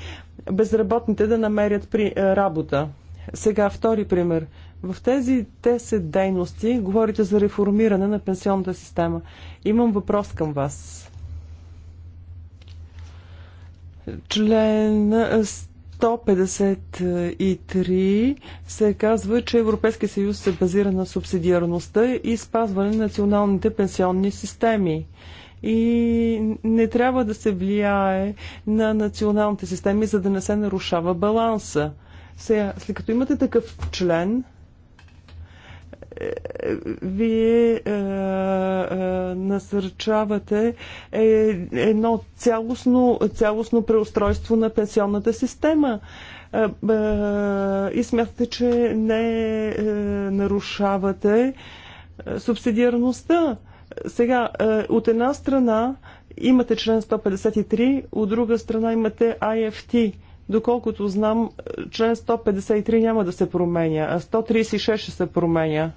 безработните да намерят при, е, работа. Сега втори пример. В тези 10 дейности говорите за реформиране на пенсионната система. Имам въпрос към вас. Член 153 се казва, че Европейския съюз се базира на субсидиарността и спазване на националните пенсионни системи и не трябва да се влияе на националните системи, за да не се нарушава баланса. Сега, след като имате такъв член, вие е, е, насърчавате е, едно цялостно, цялостно преустройство на пенсионната система е, е, и смятате, че не е, нарушавате е, субсидиарността. Сега, е, от една страна имате член 153, от друга страна имате IFT. Доколкото знам, член 153 няма да се променя, а 136 ще се променя.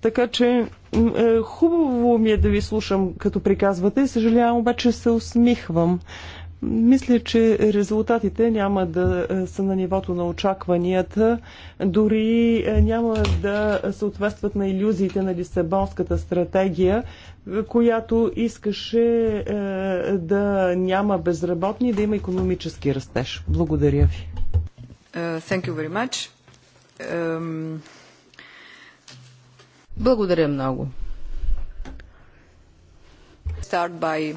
Така че е, хубаво ми е да ви слушам, като приказвате. Съжалявам, обаче се усмихвам. Мисля, че резултатите няма да е, са на нивото на очакванията, дори е, няма да съответстват на иллюзиите на Лисабонската стратегия, която искаше е, да няма безработни, да има економически растеж. Благодаря ви. Uh, thank you very much. Um... Благодаря много. Start by,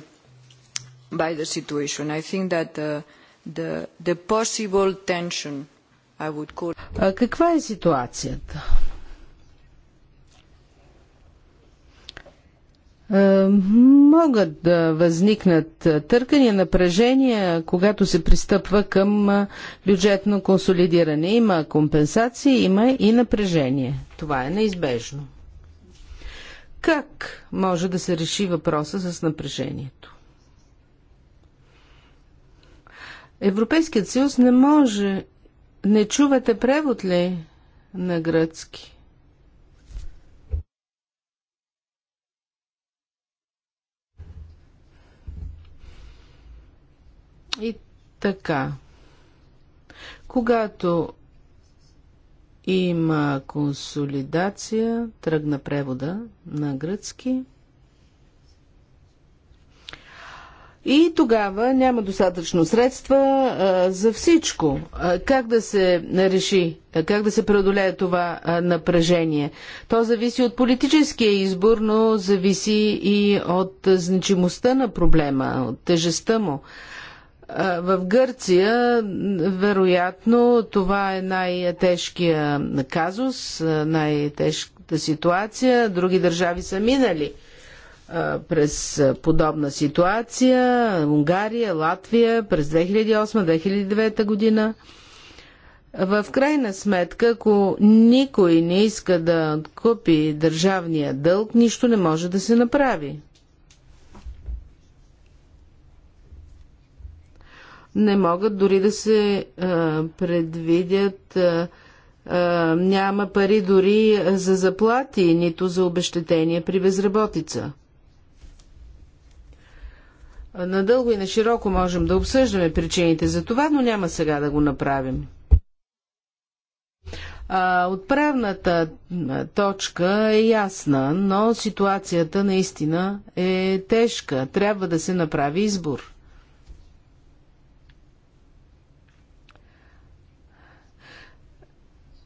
by the situation. I think that the, the, the possible tension I would call... А каква е ситуацията? могат да възникнат търкания, напрежения, когато се пристъпва към бюджетно консолидиране. Има компенсации, има и напрежение. Това е неизбежно. Как може да се реши въпроса с напрежението? Европейският съюз не може. Не чувате превод ли на гръцки? И така. Когато има консолидация, тръгна превода на гръцки. И тогава няма достатъчно средства а, за всичко. А, как да се реши, а, как да се преодолее това а, напрежение? То зависи от политическия избор, но зависи и от значимостта на проблема, от тежестта му. А, в Гърция, вероятно, това е най-тежкия казус, най-тежката ситуация. Други държави са минали през подобна ситуация. Унгария, Латвия през 2008-2009 година. В крайна сметка, ако никой не иска да купи държавния дълг, нищо не може да се направи. не могат дори да се а, предвидят. А, а, няма пари дори за заплати, нито за обещетения при безработица. Надълго и на широко можем да обсъждаме причините за това, но няма сега да го направим. Отправната точка е ясна, но ситуацията наистина е тежка. Трябва да се направи избор.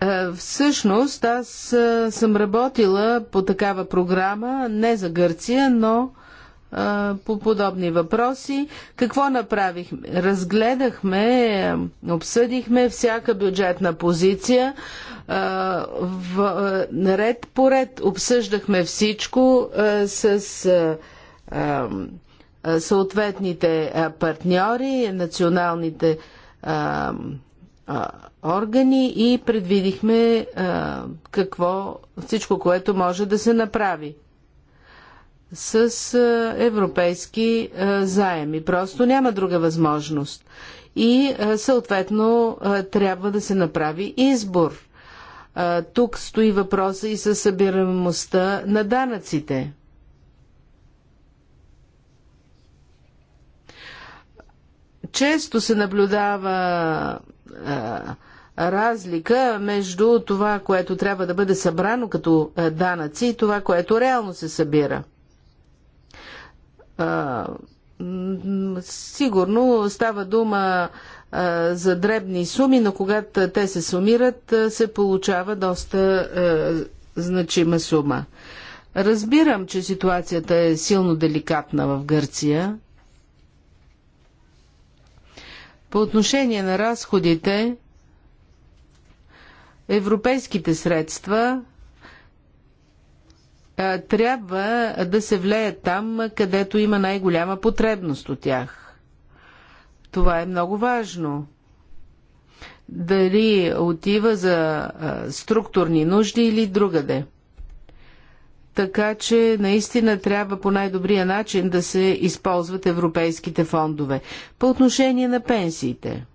Е, всъщност, аз е, съм работила по такава програма, не за Гърция, но е, по подобни въпроси. Какво направихме? Разгледахме, обсъдихме всяка бюджетна позиция, в, ред по ред обсъждахме всичко с съответните партньори, националните органи и предвидихме а, какво, всичко, което може да се направи с а, европейски а, заеми. Просто няма друга възможност. И а, съответно а, трябва да се направи избор. А, тук стои въпроса и със събираемостта на данъците. Често се наблюдава а, разлика между това, което трябва да бъде събрано като е, данъци и това, което реално се събира. Сигурно става дума за дребни суми, но когато те се сумират, се получава доста значима сума. Разбирам, че ситуацията е силно деликатна в Гърция. По отношение на разходите, европейските средства трябва да се влеят там, където има най-голяма потребност от тях. Това е много важно. Дали отива за структурни нужди или другаде. Така че наистина трябва по най-добрия начин да се използват европейските фондове. По отношение на пенсиите –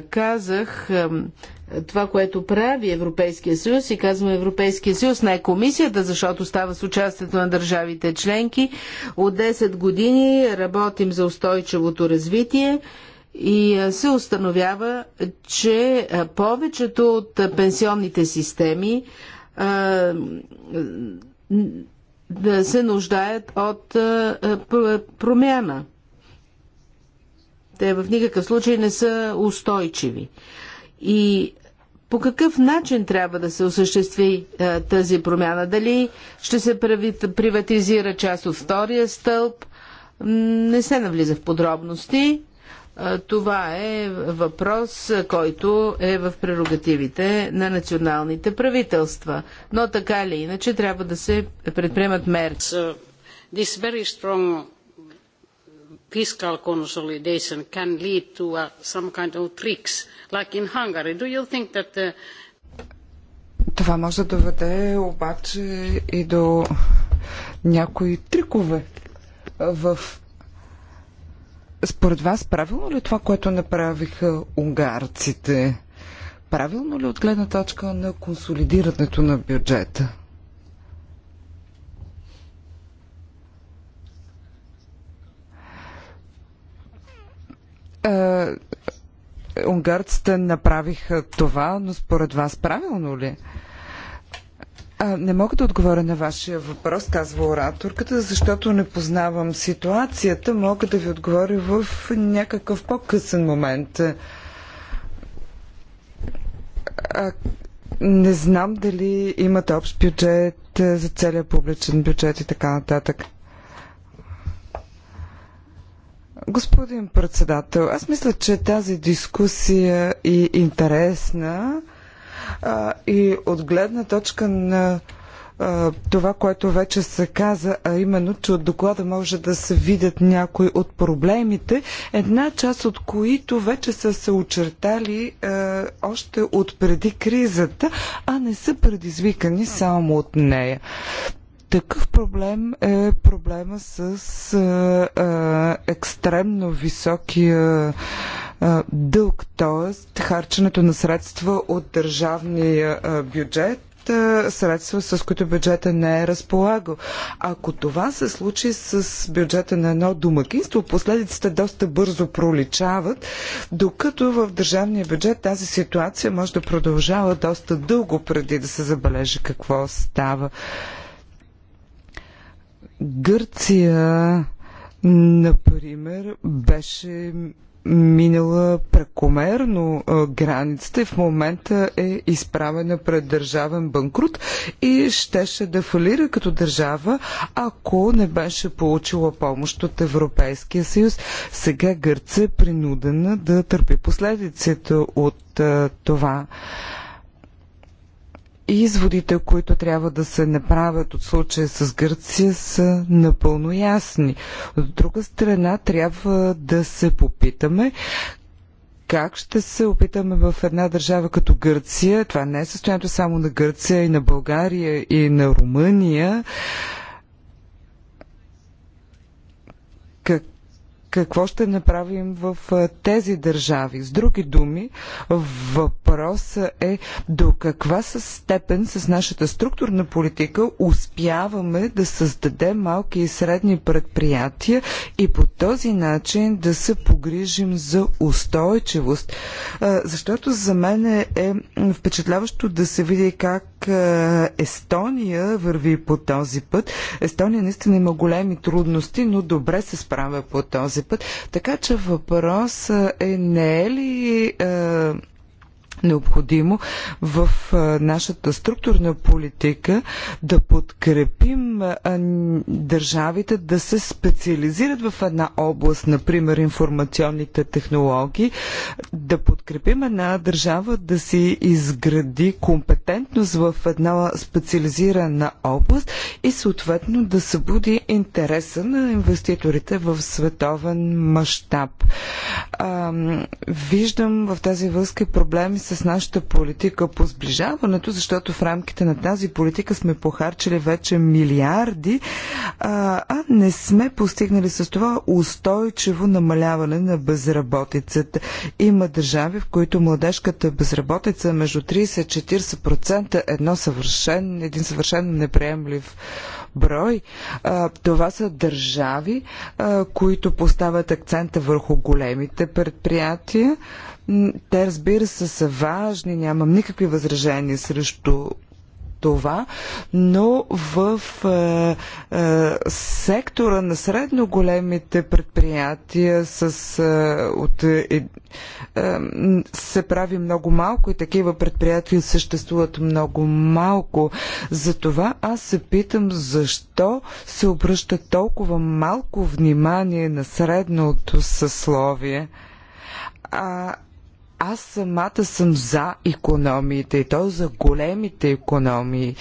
казах това, което прави Европейския съюз и казвам Европейския съюз, не комисията, защото става с участието на държавите членки. От 10 години работим за устойчивото развитие и се установява, че повечето от пенсионните системи се нуждаят от промяна. Те в никакъв случай не са устойчиви. И по какъв начин трябва да се осъществи а, е, тази промяна? Дали ще се приватизира част от втория стълб? Не се навлиза в подробности. А, е, това е въпрос, който е в прерогативите на националните правителства. Но така или иначе трябва да се предприемат мерки fiscal consolidation can lead to uh, some kind of tricks, like in Hungary. Do you think that the... Това може да доведе обаче и до някои трикове в според вас правилно ли е това, което направиха унгарците? Правилно ли е от гледна точка на консолидирането на бюджета? Е, унгарците направиха това, но според вас правилно ли? А, не мога да отговоря на вашия въпрос, казва ораторката, защото не познавам ситуацията. Мога да ви отговоря в някакъв по-късен момент. А, не знам дали имате общ бюджет за целия публичен бюджет и така нататък. Господин председател, аз мисля, че тази дискусия е интересна а, и от гледна точка на а, това, което вече се каза, а именно, че от доклада може да се видят някои от проблемите, една част от които вече са се очертали а, още от преди кризата, а не са предизвикани само от нея. Такъв проблем е проблема с а, а, екстремно високия а, дълг, т.е. харченето на средства от държавния а, бюджет средства, с които бюджета не е разполагал. Ако това се случи с бюджета на едно домакинство, последиците доста бързо проличават, докато в държавния бюджет тази ситуация може да продължава доста дълго преди да се забележи какво става. Гърция, например, беше минала прекомерно границата и в момента е изправена пред държавен банкрут и щеше да фалира като държава, ако не беше получила помощ от Европейския съюз. Сега Гърция е принудена да търпи последиците от това изводите, които трябва да се направят от случая с Гърция, са напълно ясни. От друга страна, трябва да се попитаме как ще се опитаме в една държава като Гърция, това не е състоянието само на Гърция, и на България, и на Румъния, какво ще направим в тези държави. С други думи, въпросът е до каква степен с нашата структурна политика успяваме да създадем малки и средни предприятия и по този начин да се погрижим за устойчивост. Защото за мен е впечатляващо да се види как Естония върви по този път. Естония наистина има големи трудности, но добре се справя по този път. Така че въпрос е не е ли необходимо в нашата структурна политика да подкрепим държавите да се специализират в една област, например информационните технологии, да подкрепим една държава да си изгради компетентност в една специализирана област и съответно да събуди интереса на инвеститорите в световен мащаб. Виждам в тази връзка проблеми с с нашата политика по сближаването, защото в рамките на тази политика сме похарчили вече милиарди, а не сме постигнали с това устойчиво намаляване на безработицата. Има държави, в които младежката безработица е между 30-40% едно съвършен, един съвършен неприемлив брой. Това са държави, които поставят акцента върху големите предприятия, те, разбира се, са важни, нямам никакви възражения срещу това, но в е, е, сектора на средно големите предприятия с, е, от, е, е, се прави много малко и такива предприятия съществуват много малко. Затова аз се питам защо се обръща толкова малко внимание на средното съсловие. А аз самата съм за економиите и то за големите економии,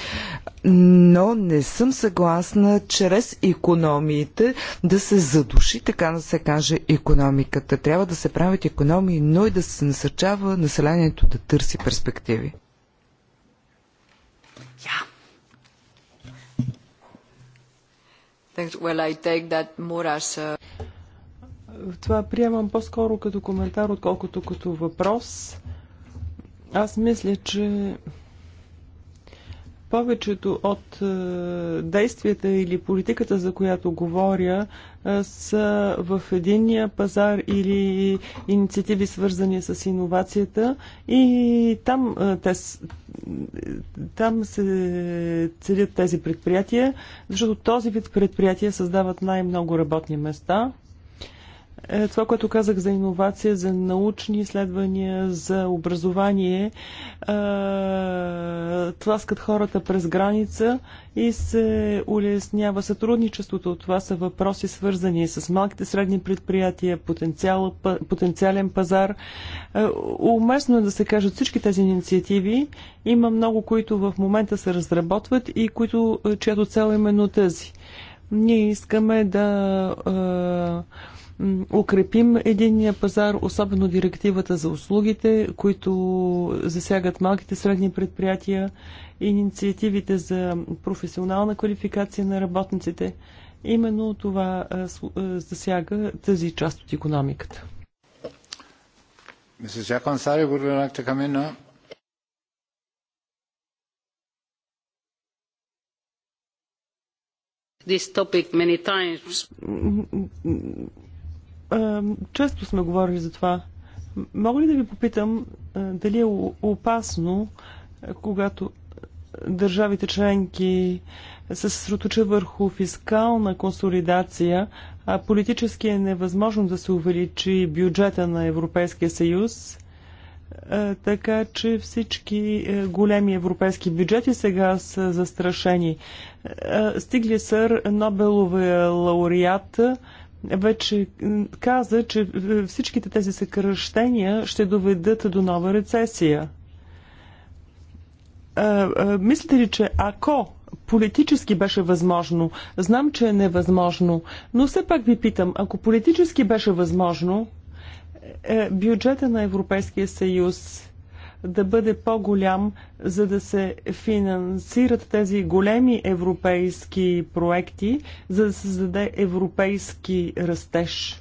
но не съм съгласна чрез економиите да се задуши, така да се каже, економиката. Трябва да се правят економии, но и да се насърчава населението да търси перспективи. Yeah. Well, I take that more as a... Това приемам по-скоро като коментар, отколкото като въпрос. Аз мисля, че повечето от е, действията или политиката, за която говоря, е, са в единния пазар или инициативи свързани с иновацията и там, е, те, там се целят тези предприятия, защото този вид предприятия създават най-много работни места е, това, което казах за иновация, за научни изследвания, за образование, е, тласкат хората през граница и се улеснява сътрудничеството. Това са въпроси свързани с малките средни предприятия, потенциал, потенциален пазар. Е, уместно е да се кажат всички тези инициативи. Има много, които в момента се разработват и които, чиято цел е именно тази. Ние искаме да укрепим единния пазар, особено директивата за услугите, които засягат малките средни предприятия, инициативите за професионална квалификация на работниците. Именно това засяга тази част от економиката. this topic many times. Е, често сме говорили за това. Мога ли да ви попитам е, дали е опасно, е, когато държавите членки се съсредоточат върху фискална консолидация, а политически е невъзможно да се увеличи бюджета на Европейския съюз, така че всички големи европейски бюджети сега са застрашени. Стигли сър Нобеловия лауреат, вече каза, че всичките тези съкръщения ще доведат до нова рецесия. Мислите ли, че ако политически беше възможно, знам, че е невъзможно, но все пак ви питам, ако политически беше възможно, е, бюджета на Европейския съюз да бъде по-голям, за да се финансират тези големи европейски проекти, за да се създаде европейски растеж?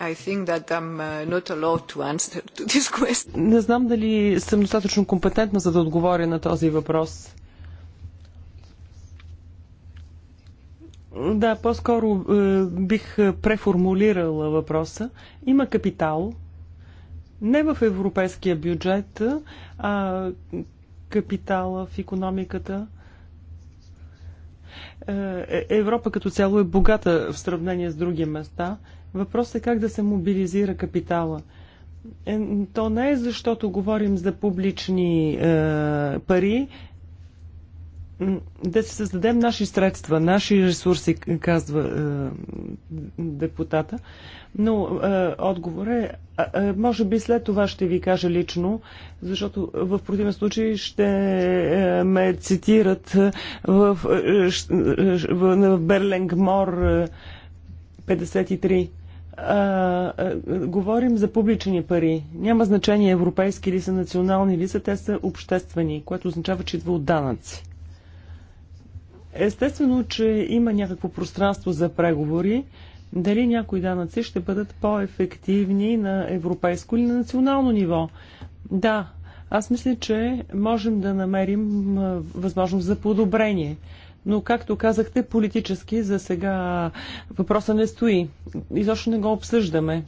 I think that I'm uh, not allowed to answer to this question. Не знам дали съм достатъчно компетентна, за да отговоря на този въпрос. Да, по-скоро е, бих е, преформулирала въпроса. Има капитал, не в европейския бюджет, а капитала в економиката. Е, е, Европа като цяло е богата в сравнение с други места. Въпросът е как да се мобилизира капитала. Е, то не е защото говорим за публични пари, да си създадем наши средства, наши ресурси, казва депутата. Но е, отговор е, е, може би след това ще ви кажа лично, защото в противен случай ще е, ме цитират в, е, е в, в Берлингмор Мор 53 е, а, а, е, говорим за публични пари. Няма значение европейски ли са, национални ли са, те са обществени, което означава, че идва от данъци. Естествено, че има някакво пространство за преговори, дали някои данъци ще бъдат по-ефективни на европейско или на национално ниво. Да, аз мисля, че можем да намерим възможност за подобрение. Но, както казахте, политически за сега въпроса не стои. Изобщо не го обсъждаме.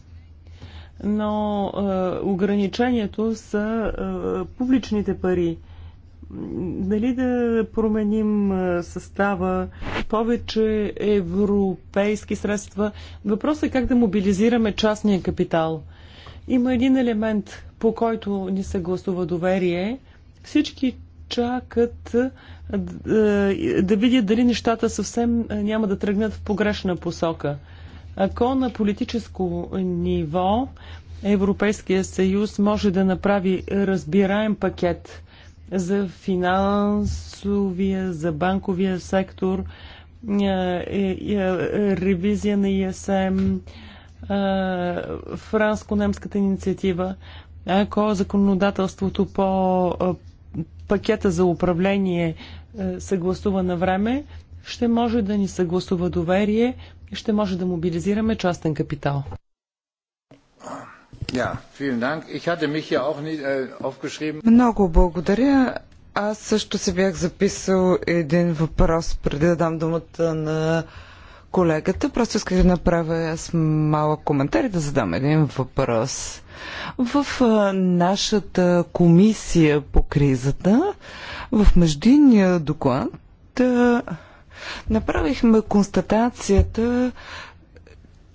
Но е, ограничението са е, публичните пари. Нали да променим състава, повече европейски средства. Въпросът е как да мобилизираме частния капитал. Има един елемент, по който ни се гласува доверие. Всички чакат да, да видят дали нещата съвсем няма да тръгнат в погрешна посока. Ако на политическо ниво Европейския съюз може да направи разбираем пакет – за финансовия, за банковия сектор, е, е, е, ревизия на ИСМ, франско-немската инициатива. Ако законодателството по пакета за управление съгласува на време, ще може да ни съгласува доверие и ще може да мобилизираме частен капитал. Äh, Много благодаря. Аз също се бях записал един въпрос преди да дам думата на колегата. Просто исках да направя аз малък коментар и да задам един въпрос. В нашата комисия по кризата, в междинния доклад, направихме констатацията,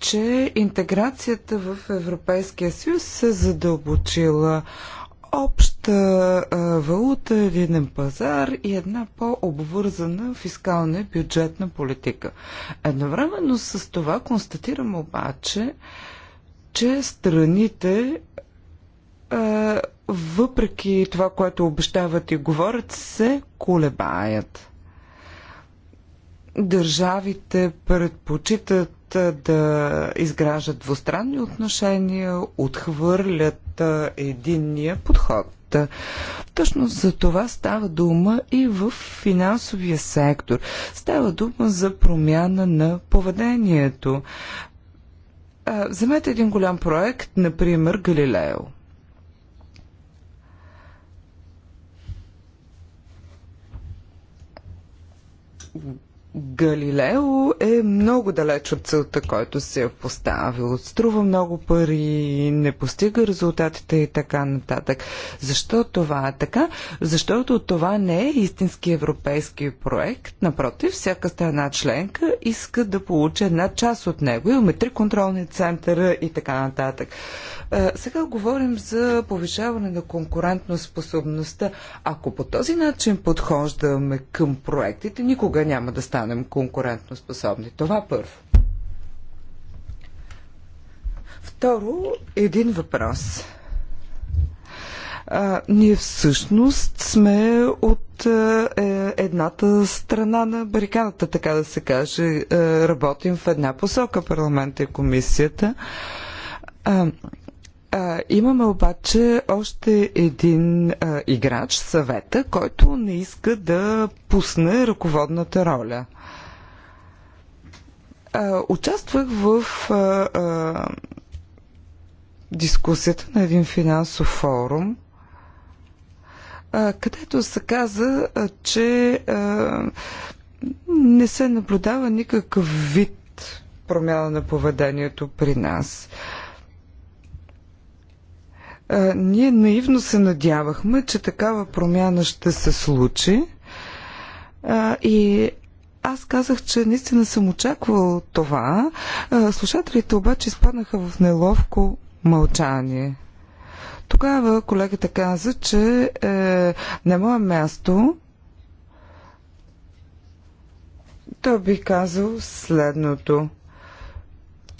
че интеграцията в Европейския съюз се задълбочила обща валута, единен пазар и една по-обвързана фискална и бюджетна политика. Едновременно с това констатирам обаче, че страните въпреки това, което обещават и говорят, се колебаят. Държавите предпочитат да изграждат двустранни отношения, отхвърлят единния подход. Точно за това става дума и в финансовия сектор. Става дума за промяна на поведението. Вземете един голям проект, например Галилео. Галилео е много далеч от целта, който се е поставил. Струва много пари, не постига резултатите и така нататък. Защо това е така? Защото това не е истински европейски проект. Напротив, всяка страна членка иска да получи една част от него. Имаме три контролни центъра и така нататък. Е, сега говорим за повишаване на конкурентно способността. Ако по този начин подхождаме към проектите, никога няма да стане станем конкурентно способни. Това първо. Второ, един въпрос. А, ние всъщност сме от е, е едната страна на барикадата, така да се каже. А, е, работим в една посока, парламента и комисията. А, а, имаме обаче още един а, играч, съвета, който не иска да пусне ръководната роля. А, участвах в а, а, дискусията на един финансов форум, а, където се каза, а, че а, не се наблюдава никакъв вид промяна на поведението при нас. А, ние наивно се надявахме, че такава промяна ще се случи. И аз казах, че наистина съм очаквал това. Слушателите обаче изпаднаха в неловко мълчание. Тогава колегата каза, че е, не мое място той би казал следното –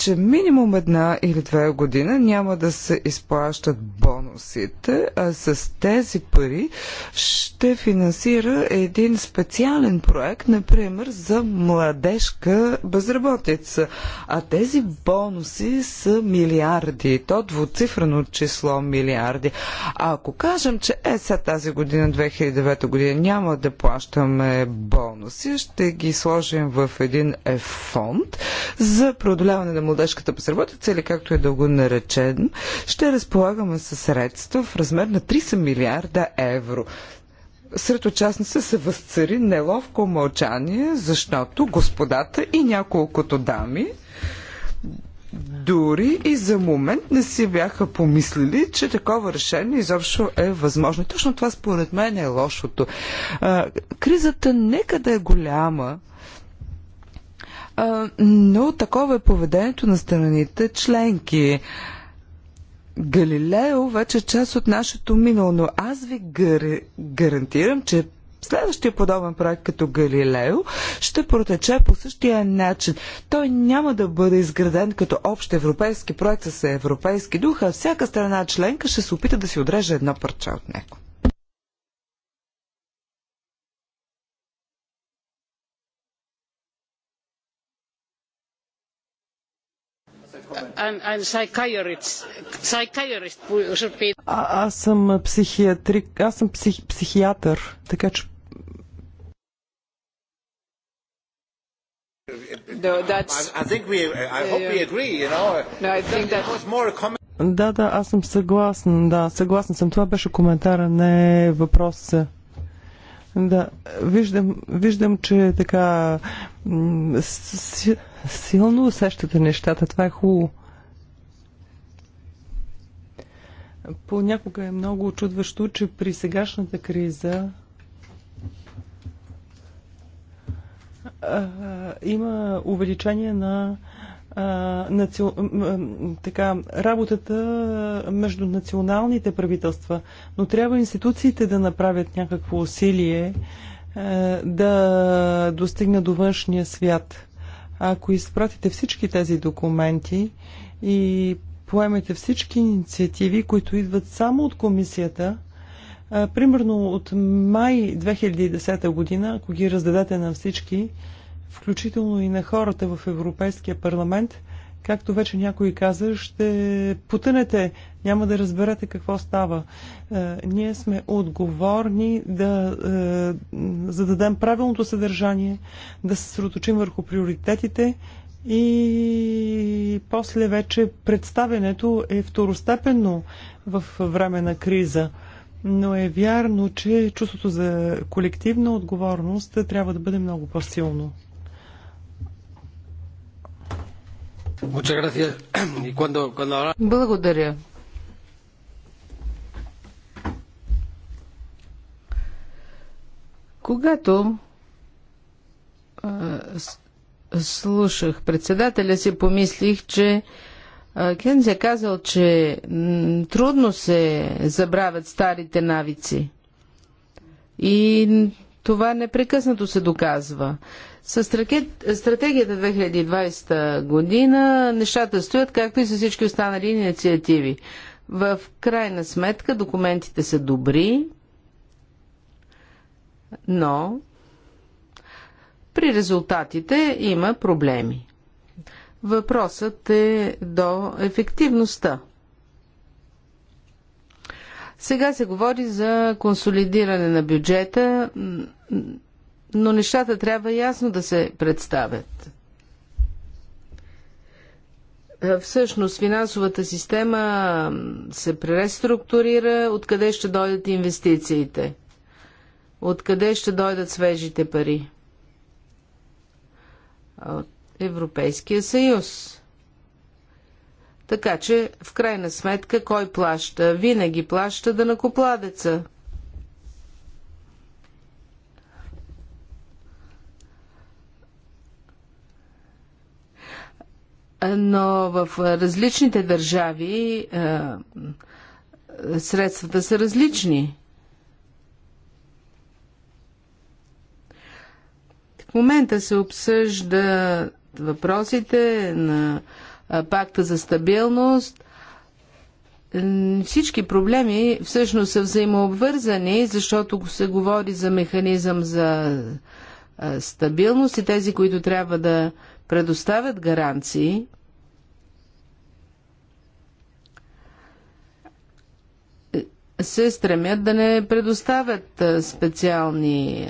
че минимум една или две година няма да се изплащат бонусите, а с тези пари ще финансира един специален проект, например за младежка безработица. А тези бонуси са милиарди, то двуцифрено число милиарди. А ако кажем, че е сега тази година, 2009 година, няма да плащаме бонуси, ще ги сложим в един е, фонд за преодоляване на младежката безработица или както е да го наречен, ще разполагаме със средства в размер на 30 милиарда евро сред участници се възцари неловко мълчание, защото господата и няколкото дами дори и за момент не си бяха помислили, че такова решение изобщо е възможно. И точно това според мен е лошото. кризата нека да е голяма, но такова е поведението на страните членки. Галилео вече е част от нашето минало, но аз ви гар... гарантирам, че следващия подобен проект като Галилео ще протече по същия начин. Той няма да бъде изграден като общ европейски проект с европейски дух, а всяка страна членка ще се опита да си отреже едно парче от него. А, аз съм психиатрик, аз съм псих, психиатър, така че Да, да, аз съм съгласен, да, съгласен съм. Това беше а не е въпрос. Да, виждам, виждам че така силно усещате нещата. Това е хубаво. Понякога е много очудващо, че при сегашната криза а, има увеличение на а, наци... така, работата между националните правителства, но трябва институциите да направят някакво усилие е, да достигна до външния свят. Ако изпратите всички тези документи и поемете всички инициативи, които идват само от комисията, примерно от май 2010 година, ако ги раздадете на всички, включително и на хората в Европейския парламент, както вече някой каза, ще потънете, няма да разберете какво става. Е, ние сме отговорни да е, зададем правилното съдържание, да се сроточим върху приоритетите и после вече представенето е второстепенно в време на криза. Но е вярно, че чувството за колективна отговорност трябва да бъде много по-силно. Благодаря. Когато а, слушах председателя си, помислих, че Кензи е казал, че трудно се забравят старите навици. И това непрекъснато се доказва. С стратегията 2020 година нещата стоят, както и с всички останали инициативи. В крайна сметка документите са добри, но при резултатите има проблеми. Въпросът е до ефективността. Сега се говори за консолидиране на бюджета, но нещата трябва ясно да се представят. Е, всъщност финансовата система се преструктурира, откъде ще дойдат инвестициите, откъде ще дойдат свежите пари. От Европейския съюз. Така че, в крайна сметка, кой плаща? Винаги плаща да накопладеца. Но в различните държави е, средствата са различни. В момента се обсъжда въпросите на пакта за стабилност. Всички проблеми всъщност са взаимообвързани, защото се говори за механизъм за стабилност и тези, които трябва да предоставят гаранции, се стремят да не предоставят специални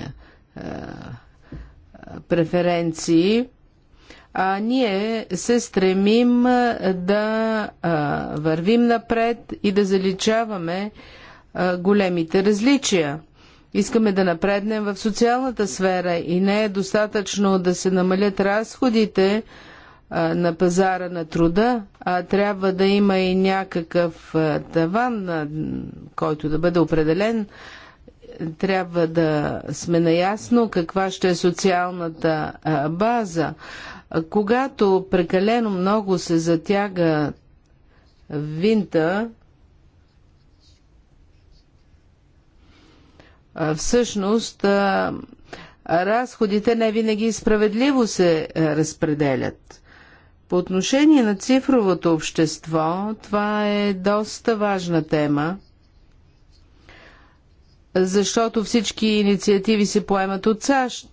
преференции а ние се стремим да вървим напред и да заличаваме големите различия. Искаме да напреднем в социалната сфера и не е достатъчно да се намалят разходите на пазара на труда, а трябва да има и някакъв таван, който да бъде определен. Трябва да сме наясно каква ще е социалната база когато прекалено много се затяга винта, всъщност разходите не винаги справедливо се разпределят. По отношение на цифровото общество, това е доста важна тема, защото всички инициативи се поемат от САЩ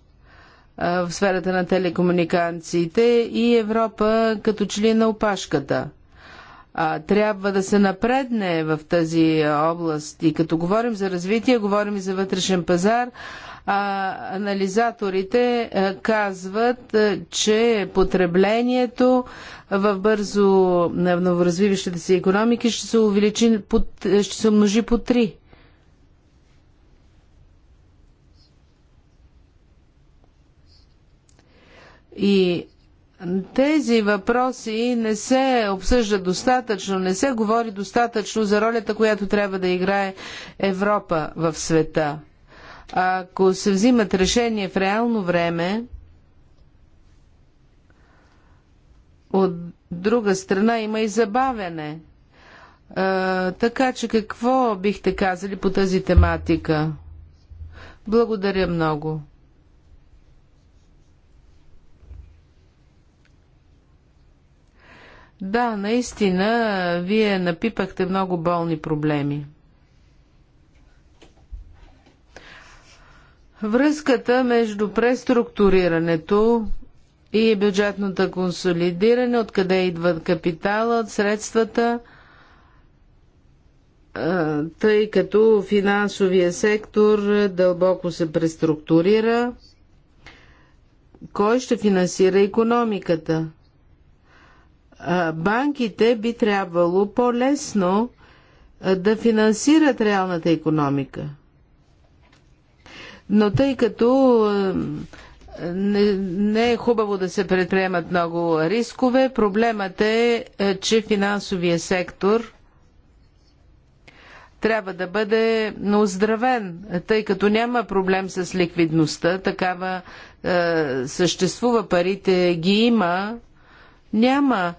в сферата на телекомуникациите и Европа като ли е на опашката. Трябва да се напредне в тази област и като говорим за развитие, говорим и за вътрешен пазар. А, анализаторите а, казват, а, че потреблението в бързо на новоразвиващите се економики ще се увеличи, под, ще се умножи по три. И тези въпроси не се обсъждат достатъчно, не се говори достатъчно за ролята, която трябва да играе Европа в света. Ако се взимат решения в реално време, от друга страна има и забавяне. А, така че какво бихте казали по тази тематика? Благодаря много. Да, наистина, вие напипахте много болни проблеми. Връзката между преструктурирането и бюджетната консолидиране, откъде идват капитала, от средствата, тъй като финансовия сектор дълбоко се преструктурира. Кой ще финансира економиката? банките би трябвало по-лесно да финансират реалната економика. Но тъй като не, не е хубаво да се предприемат много рискове, проблемът е, че финансовия сектор трябва да бъде оздравен, тъй като няма проблем с ликвидността, такава е, съществува, парите ги има, няма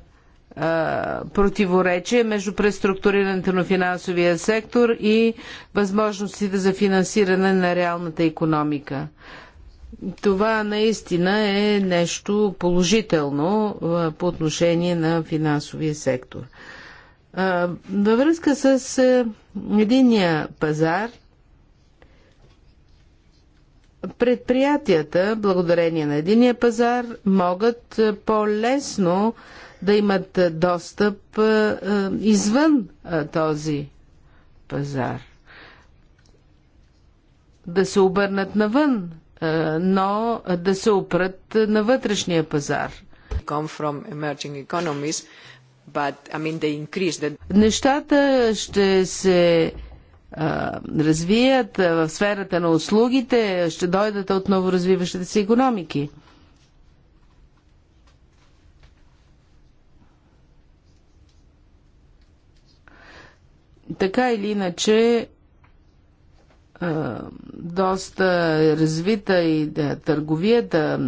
противоречие между преструктурирането на финансовия сектор и възможностите за финансиране на реалната економика. Това наистина е нещо положително по отношение на финансовия сектор. Във връзка с единия пазар, предприятията, благодарение на единия пазар, могат по-лесно да имат достъп извън този пазар. Да се обърнат навън, но да се опрат на вътрешния пазар. But, I mean, the... Нещата ще се развият в сферата на услугите, ще дойдат от новоразвиващите се економики. Така или иначе, доста развита и да, търговията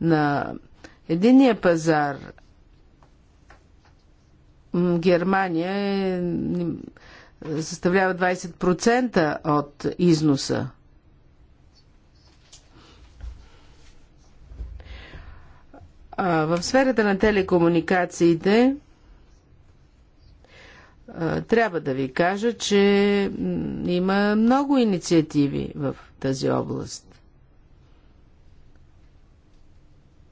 на единия пазар. Германия е, съставлява 20% от износа. А в сферата на телекомуникациите трябва да ви кажа, че има много инициативи в тази област.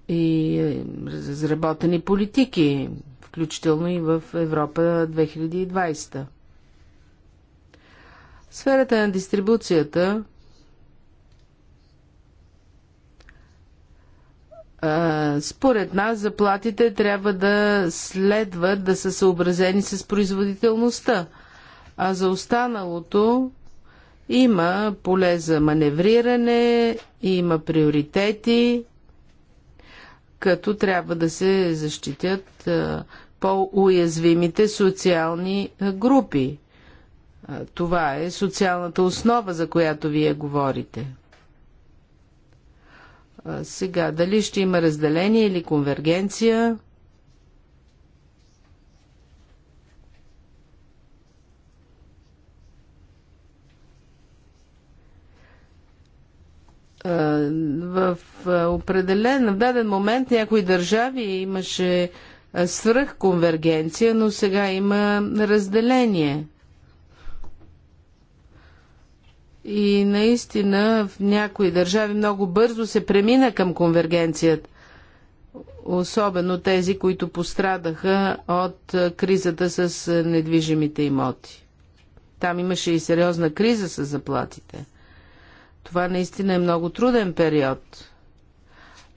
И е, разработени политики, включително и в Европа 2020. Сферата на дистрибуцията – Според нас заплатите трябва да следват да са съобразени с производителността, а за останалото има поле за маневриране, има приоритети, като трябва да се защитят по-уязвимите социални групи. Това е социалната основа, за която вие говорите. Сега, дали ще има разделение или конвергенция? в определен, в даден момент някои държави имаше свръхконвергенция, но сега има разделение. И наистина в някои държави много бързо се премина към конвергенцията. Особено тези, които пострадаха от кризата с недвижимите имоти. Там имаше и сериозна криза с заплатите. Това наистина е много труден период.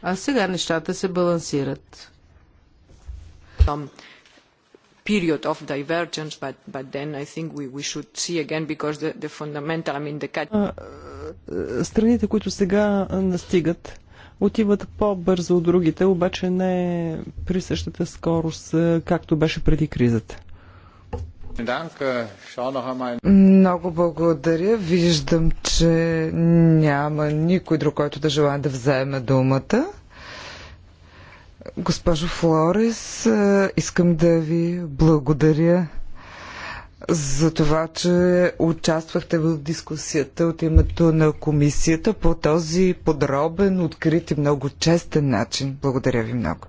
А сега нещата се балансират period of divergence, but, but then I think we, we should see again because the, the fundamental, I mean the cat... Страните, които сега настигат, отиват по-бързо от другите, обаче не при същата скорост, както беше преди кризата. Много благодаря. Виждам, че няма никой друг, който да желая да вземе думата. Госпожо Флорес, е, искам да ви благодаря за това, че участвахте в дискусията от името на комисията по този подробен, открит и много честен начин. Благодаря ви много.